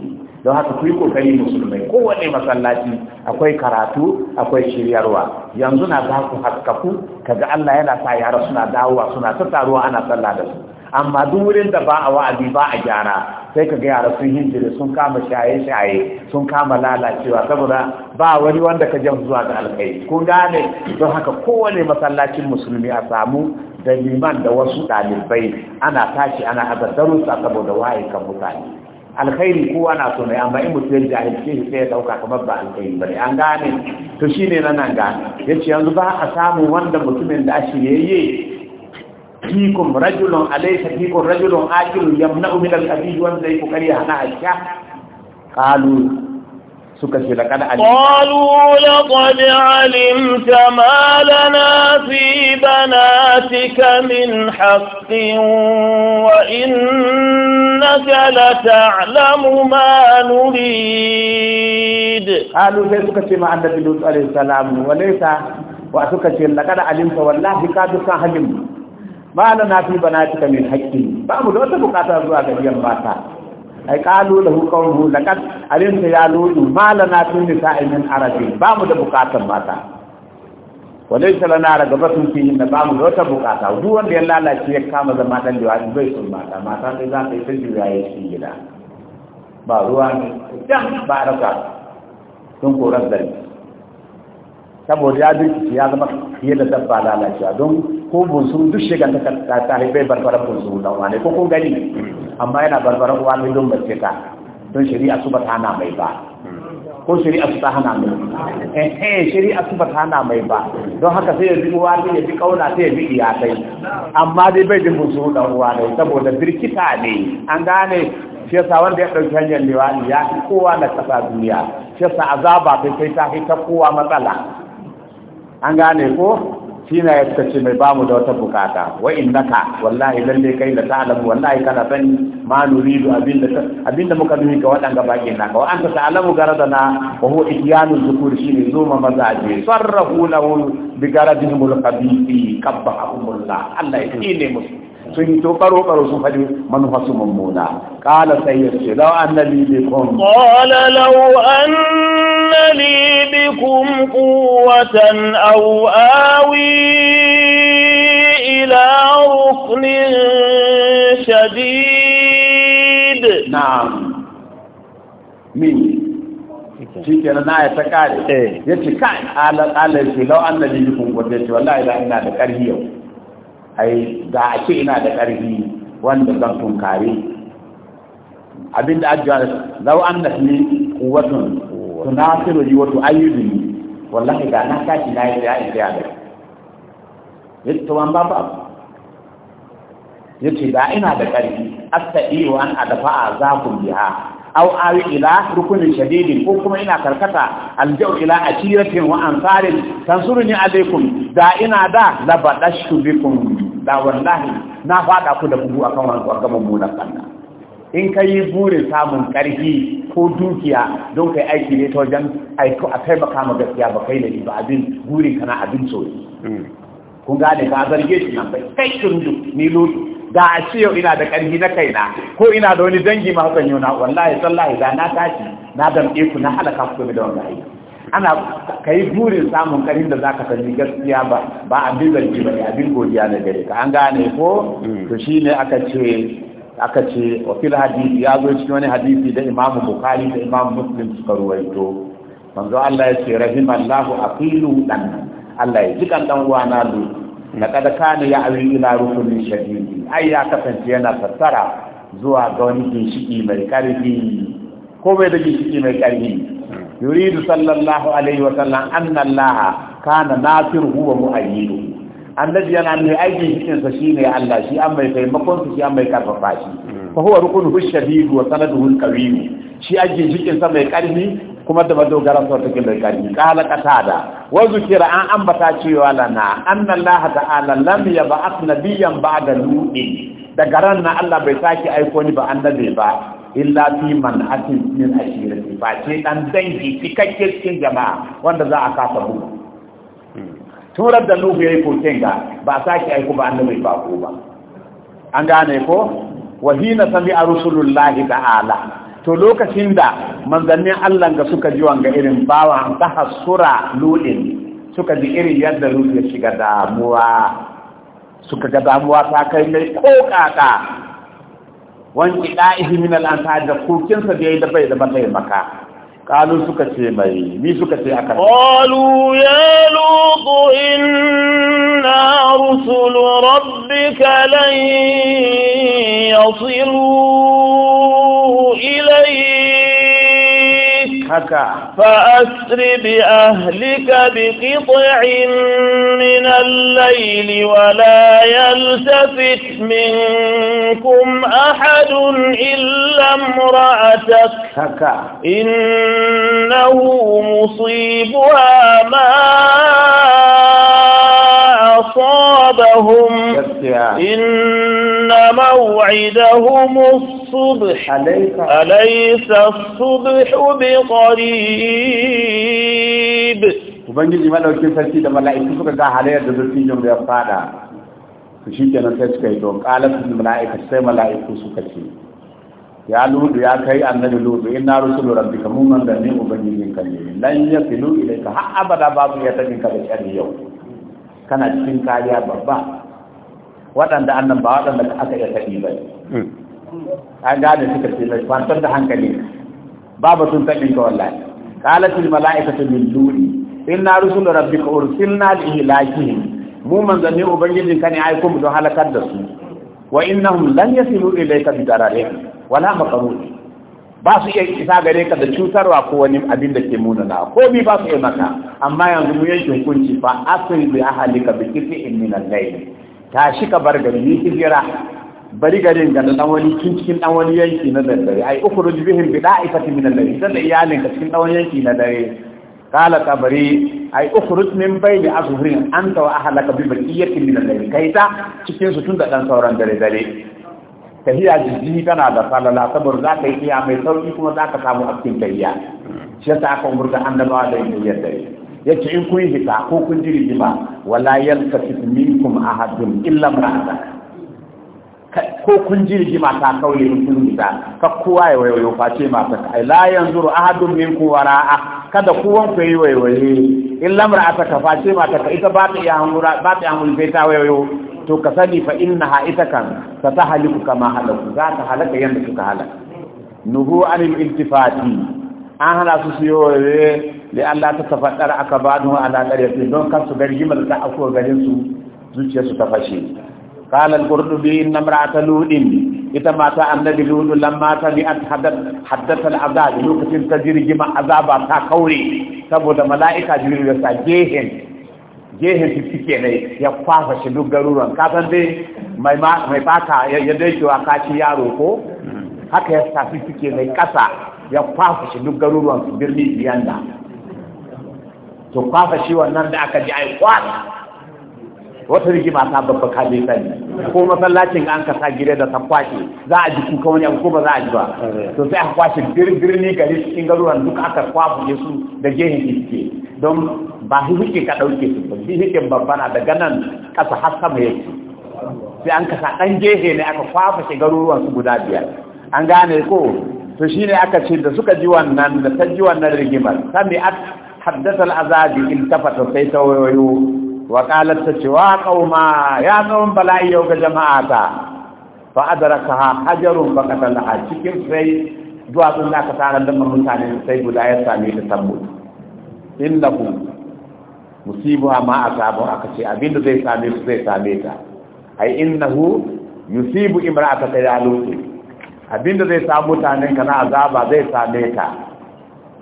don haka ku yi kokari musulmai kowane masallaci akwai karatu akwai shiryarwa yanzu na za ku haskaku kaga Allah yana sa yara suna dawowa suna ta taruwa ana sallah da su amma duk wurin da ba a wa'azi ba a gyara sai ka ga yara sun hinjiri sun kama shaye-shaye sun kama lalacewa saboda ba wani wanda ka jan zuwa da alkai kun gane don haka kowane masallacin musulmi a samu da liman da wasu ɗalibai ana tashi ana haɗa sa saboda waye kan mutane alkhairi kowa na so ne amma in mutum ya ke sai ya dauka kamar ba alkhairi ba ne an gane to shine na nan gane yace yanzu ba a samu wanda mutumin da yayi. فيكم رجل أليس فيكم رجل آجل يمنع من الأبي وانزي كريه أنا نعم. أشياء قالوا سكسي لقد علمت قالوا لقد علمت ما لنا في بناتك من حق وإنك لتعلم ما نريد قالوا سكسي ما عند لوط عليه السلام وليس وسكسي لقد علمت والله كادو سهلم ba da na fi cika mai haƙƙi ba mu da wata bukata zuwa ga biyan mata ai kalu lahu qawluhu laqad alimta ya lulu ma lana fi nisa'in min arabi ba mu da bukatan mata walai salana daga batun fi na ba mu da wata bukata duk wanda ya lalace ya kama zama dan da wani bai son mata mata sai za ta yi ya yi shi gida ba ruwa ne dan ba raka sun koran zari saboda ya birkice ya zama fiye da dabba lalacewa don ko bunsu duk shiga ta ta haifai barbaran bunsuru na wane ko kun gani amma yana barbaran uwa ne don bace ta don shari'a su ba ta hana mai ba ko shari'a su ta hana mai eh eh shari'a su ba ta hana mai ba don haka sai ya bi uwa ne ya bi kauna sai ya bi iyakai amma dai bai jin bunsu da uwa ne saboda birkita ne an gane shi yasa wanda ya ɗauki hanyar lewani ya fi kowa na ƙasa duniya shi yasa azaba kai kai ta ta kowa matsala an gane ko shi na ya ce mai bamu da wata bukata wa innaka wallahi lalle kai da ta'lamu wallahi kana sani ma nuridu abinda abinda muka nuhi ga wadanga baki naka wa anta ta'lamu garadana wa huwa ityanu zukur shi ne zuma mazaje sarrahu lahu bi garadihim al-khabithi qabbahumullah Allah ya ne musu sun yi to karo karo sun faɗi manufa su mummuna qala sai ya ce law anna li bikum qala law anna li bikum quwwatan aw awi ila ruknin shadid na'am min shi ke na ya ta kare ya ce kai alar alar shi lau an na jini kun gwada ce wallahi da ina da ƙarfi yau ai da a ce ina da ƙarfi wanda zan tunkari abin da ajiyar zau an na ne kuwatun tunasiru yi wato ne wallahi ga na kashi na yi da ya da yadda tuwan ba ba ya ce da ina da ƙarfi asta iya an adafa a zafin biya aw awi ila rukunin shadidin ko kuma ina karkata aljau ila ashiratin wa ansarin tansuruni alaikum da ina da labadashu bikum da wallahi na fada ku da bugu akan wani akan mummunan kanna in ka yi burin samun karfi ko dukiya don kai aiki ne ta wajen aiko a kai baka ma gaskiya ba kai ne ba abin burin kana abin soyi hmm. kun gane ka zarge shi nan kai kin ni lotu da a ce yau ina da ƙarfi na kaina ko ina da wani dangi ma hakan yau na wallahi sallahi da na tashi na damƙe ku na halaka ku da wani aiki ana kai burin samun ƙarfin da zaka sani gaskiya ba ba abin zargi ba abin godiya na gare ka an gane ko mm. to shine aka ce aka ce wa fil hadisi ya zo cikin wani hadisi da imamu bukhari da imamu muslim suka ruwaito manzo Allah ya ce rahimallahu aqilu dan Allah ya ji dan uwana lu laqad kana ya'wi ila rukunin shadidi ai ya kasance yana fassara zuwa ga wani ginshiki mai ƙarfi, ko bai da ginshiki mai ƙarfi. yuridu sallallahu alaihi wa sallam anna allah kana nasiruhu wa mu'ayyidu annabi yana ne aikin cikin sa shine Allah shi an mai taimakon shi an mai karfafa shi fa huwa rukunuhu shadid wa sanaduhu alqawim shi aikin cikin sa mai ƙarfi, kuma da madogara sa take mai karfi qala qatada wa zukira an ambata cewa lana anna Allah ta'ala lam yab'ath nabiyyan ba'da lu'i daga ran na Allah bai saki aiko ni ba annabi ba illa fi man atin min ashirati ba ce dan dangi cikakke cikin jama'a wanda za a kasa bugu turar da nuhu yayi kokin ga ba saki aiko ba annabi ba ko ba an gane ko wa hina sami'a ga ta'ala to lokacin da manzannin Allah ga suka ji wanga irin bawa ta hasura ludin suka ji irin yadda ruhu ya shiga damuwa suka ga damuwa ta kai mai kokaka wani da'ihi min al'anta da kokinsa da ya da bai da bai maka ni suka ce مي سكتي أكثر قالوا in na إنا Rabbi ربك لن يصلون إليك هكا فأسر بأهلك بقطع من الليل ولا يلتفت منكم أحد إلا امرأتك هكا إنه مصيبها ما أصابهم إن موعدهم الصبح الصبح أليس الصبح بقريب Ubangiji madaukin sarki da mala'iku suka ga halayyar da dattijon da ya fada su shi kenan suka yi don ƙalatin mala'ika sai mala'iku suka ce ya ludu ya kai annabi ludu in na rusulu rabbika mun nan da ne ubangijin ka ne lan ya filu ilaika har babu ya tabin ka yau kana cikin kariya babba waɗanda annan ba waɗanda aka iya taɓi ba an gane suka ce mai kwantar da hankali ba sun taɓin ka wallahi qalatil mala'ikatu min duni ka rusul rabbika ursilna li ilahihim mu manzanni ubangijin ka ne aiko mu don halakar da su wa innahum lan yasilu ilayka bi dararin wala maqrun ba su iya isa gare ka da cutarwa ko wani abin da ke munana ko bi ba su iya maka amma yanzu mu yanke hukunci fa asri bi ahlika bi kifi min al-layl tashi ka bar gari ni hijira bari garin ga dan wani kin cikin dan wani yanki na dare ai ukhruj bihim bi da'ifati min al-layl sai iyalin ka cikin dan wani yanki na dare kala tabari ai ukhruj min bayni azhurin anta wa ahlaka bi baqiyati min al-layl kaita cikin su tun da dan sauran dare dare tahiya jijjini tana da salala saboda za ka yi iya mai sauki kuma za ka samu askin tahiya shi yasa aka umurta annabawa da yin tahiyyar dare yace in kun hita ko kun jiri rigima wala yaltafi minkum ahadun illa imra'atak ko kun ji rigima ta mun kun gida ka kowa ya wayo face masa ai la yanzu ahadun ku wara'a kada kowan ku yi wayoyi illa ka face mata ka ita ba ta iya hangura ba ta hangul bai ta wayo to ka sani fa innaha ita kan ta tahaliku kama halaku za ta halaka yanda kuka halaka nuhu anil iltifati an hana su su yi li Allah ta tafaddar aka ba don ala ƙarfi don kan su gargimar da akwai garin su zuciyarsu ta fashe قال القرطبي ان امرأة لود إذا مات النبي لود لما تبعت حدث حدث العذاب لوكتن تجري جمع عذاب تاكوري سبود ملائكة جريل يسا جيهن جيهن تفكي ني يقفاف شدو غرورا كاتن دي mai baka ماي باكا يدي kaci اكاشي يارو كو هكا safi suke mai kasa ya kwafashe duk garuruwan su birni biyanda to kwafashe wannan da aka ji ai kwata wata rigima ta babba ka bai sani ko masallacin an ka sa gida da ta kwashe za a ji kuka wani abu ko ba za a ji ba to sai aka kwashe girgirni gari cikin garuruwan duka aka kwafuke su da gehen iske don ba hihike ka ɗauke su ba babba na daga nan kasa har sama yake sai an kasa ɗan gehe ne aka shi garuruwan su guda biyar an gane ko to shine aka ce da suka ji wannan da ta ji wannan rigimar sami at haddasa al'azabi in tafata sai ta wayoyo wa qalat ta ce wa qauma ya qawm bala'i yau ga jama'a ta fa adrakaha hajarun fa cikin sai duwatsun da ka tara da mutane sai guda ya same ta tabbu innakum musibuha ma asabu aka ce da zai same su zai same ta ai innahu yusibu imra'ata tayaluti da zai samu mutanen ka na azaba zai same ta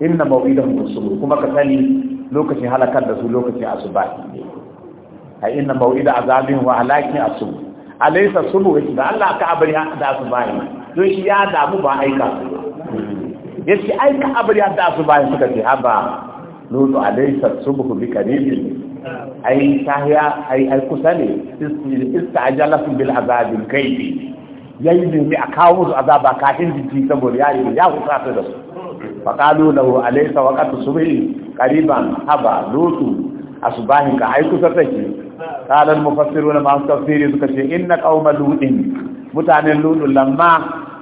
inna mawidahum subur kuma ka sani lokacin halakar da su lokacin asubahi ne a inna mawida azabin wa halakin asubu alaysa subu da Allah ka abari da asubai don shi ya damu ba aika Ya yace aika abari da asubai suka ce haba lutu alaysa subu bi karibin ai tahiya ai ai kusa ne istajala bil azabil Ya yi ne a kawo su azaba kafin jiki saboda yayi ya kusa kusata da su faqalu lahu alaysa waqtu subhi ƙariban haba lutu a asubahin ka ai kusa take kalal na masu tafsiri suka ce inna qauma lutin mutanen lutun lamma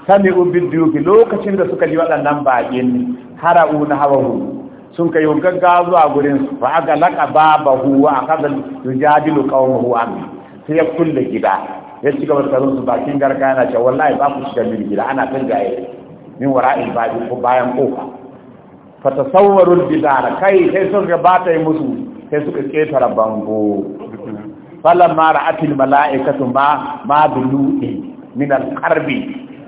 sami'u bidduki lokacin da suka ji waɗannan bakin hara'u na hawahu sun kai gaggawa zuwa gurin su fa aga laka babahu wa akaza yujadilu qaumahu an sai ya kulle gida ya ci gaba da su bakin garka yana cewa wallahi ba ku shiga mil gida ana kan gaye min wara'il babi ko bayan kofa fatasawwarul bidara kai sai sun gabata musu sai suka ketara bango mara ma mala'ika su ma ma bilu'i min al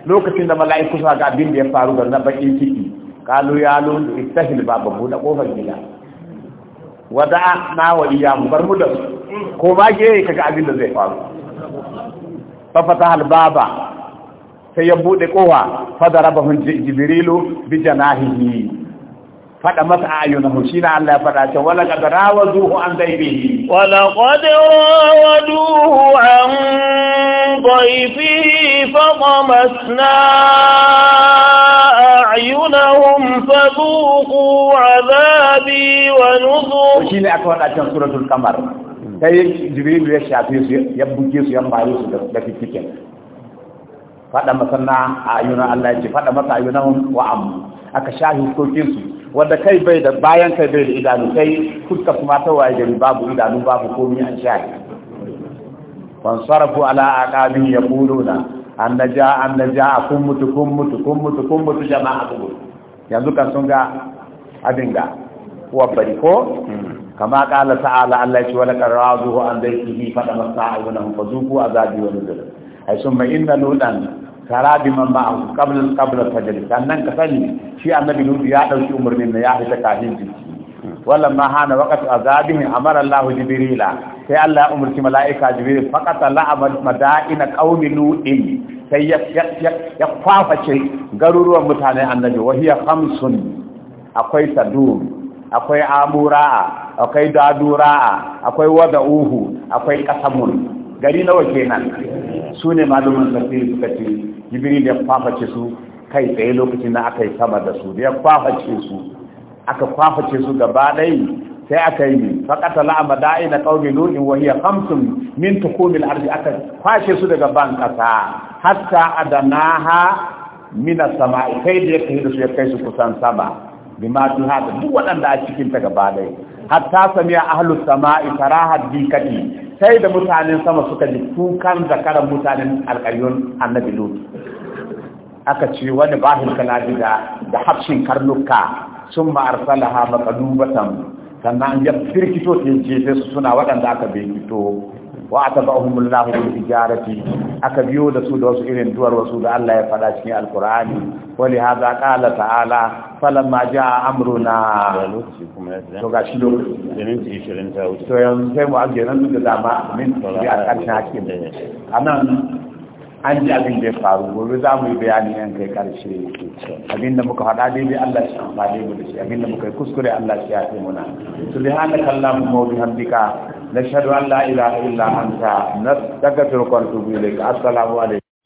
lokacin da mala'iku sa ga abin da ya faru da na bakin ciki kalu ya lulu istahil baba na kofar gida wada na wa iya mu bar mu da ko ba ge kaga abin da zai faru fafata fataha al-baba sai ya buɗe kofa fa darabahu jibirilu bi janahihi faɗa masa ayyunahu shi Allah ya faɗa ce wala qad rawaduhu an daybihi wala qad rawaduhu an daybihi fatamasna a'yunahum fadhuqu 'adhabi wa nuzur aka cikin suratul kamar sai jibril ya shafe su ya su su da fada masanna a ayyuna Allah ya ce fada masa ayyunan wa aka sha kokin wanda kai bai da bayan kai bai da idanu kai fuskar kuma ta waye gari babu idanu babu komai an shahi fansarafu ala aqabi yaquluna an naja an naja kun mutu kun mutu kun mutu kun mutu jama'a kun yanzu kan sun ga abin ga bari ko kama kala ta'ala Allah ce wala karazuhu an fadama sa'a masa ayyunahum fazuku azabi wa nuzur ay summa inna lutan Karabi bi man ma'ahu qablan qabla fajr sannan ka sani shi annabi nuhu ya dauki umarnin na ya fita kafin jiki wallan ma hana waqt azabihim amara Allah jibrila sai Allah ya umarci mala'ika jibril faqata la'amal madaina qaumi nuhin sai ya ya ce garuruwan mutanen annabi hiya khamsun akwai sadum akwai amura'a akwai dadura'a akwai wada uhu, akwai qasamun gari nawa kenan su ne malumin tafiye suka ce jibril ya kwaface su kai tsaye lokacin da aka yi sama da su ya kwaface su aka kwaface su gaba ɗaya sai aka yi faƙata la'amma da'i na ƙaunin nuhin wa hamsin min tukumil arzi aka kwashe su daga ban ƙasa hatta ha mina sama kai da ya kai da su ya kai su kusan sama bi ma duk waɗanda a cikin ta gaba ɗaya hatta sami ahlus sama'i farahat dikati sai da mutanen sama suka ji kukan zakaran mutanen alƙaryun annabi lut aka ce wani bahin kalabida da da hafshin karnuka sun ma'arsalaha makalubatan sannan ya firkito ta jefe su suna waɗanda aka bai fito wa atabahum Allah bil aka biyo da su da wasu irin duwar wasu da Allah ya fada cikin alqur'ani wa li hadha ta'ala falamma jaa amruna to ga shi lokaci to yanzu sai da dama a ya faru gobe za bayani yan kai shi amfani mu yi kuskure Allah shi muna kallon نشهد أن لا إله إلا أنت نستغفرك ونتوب إليك السلام عليكم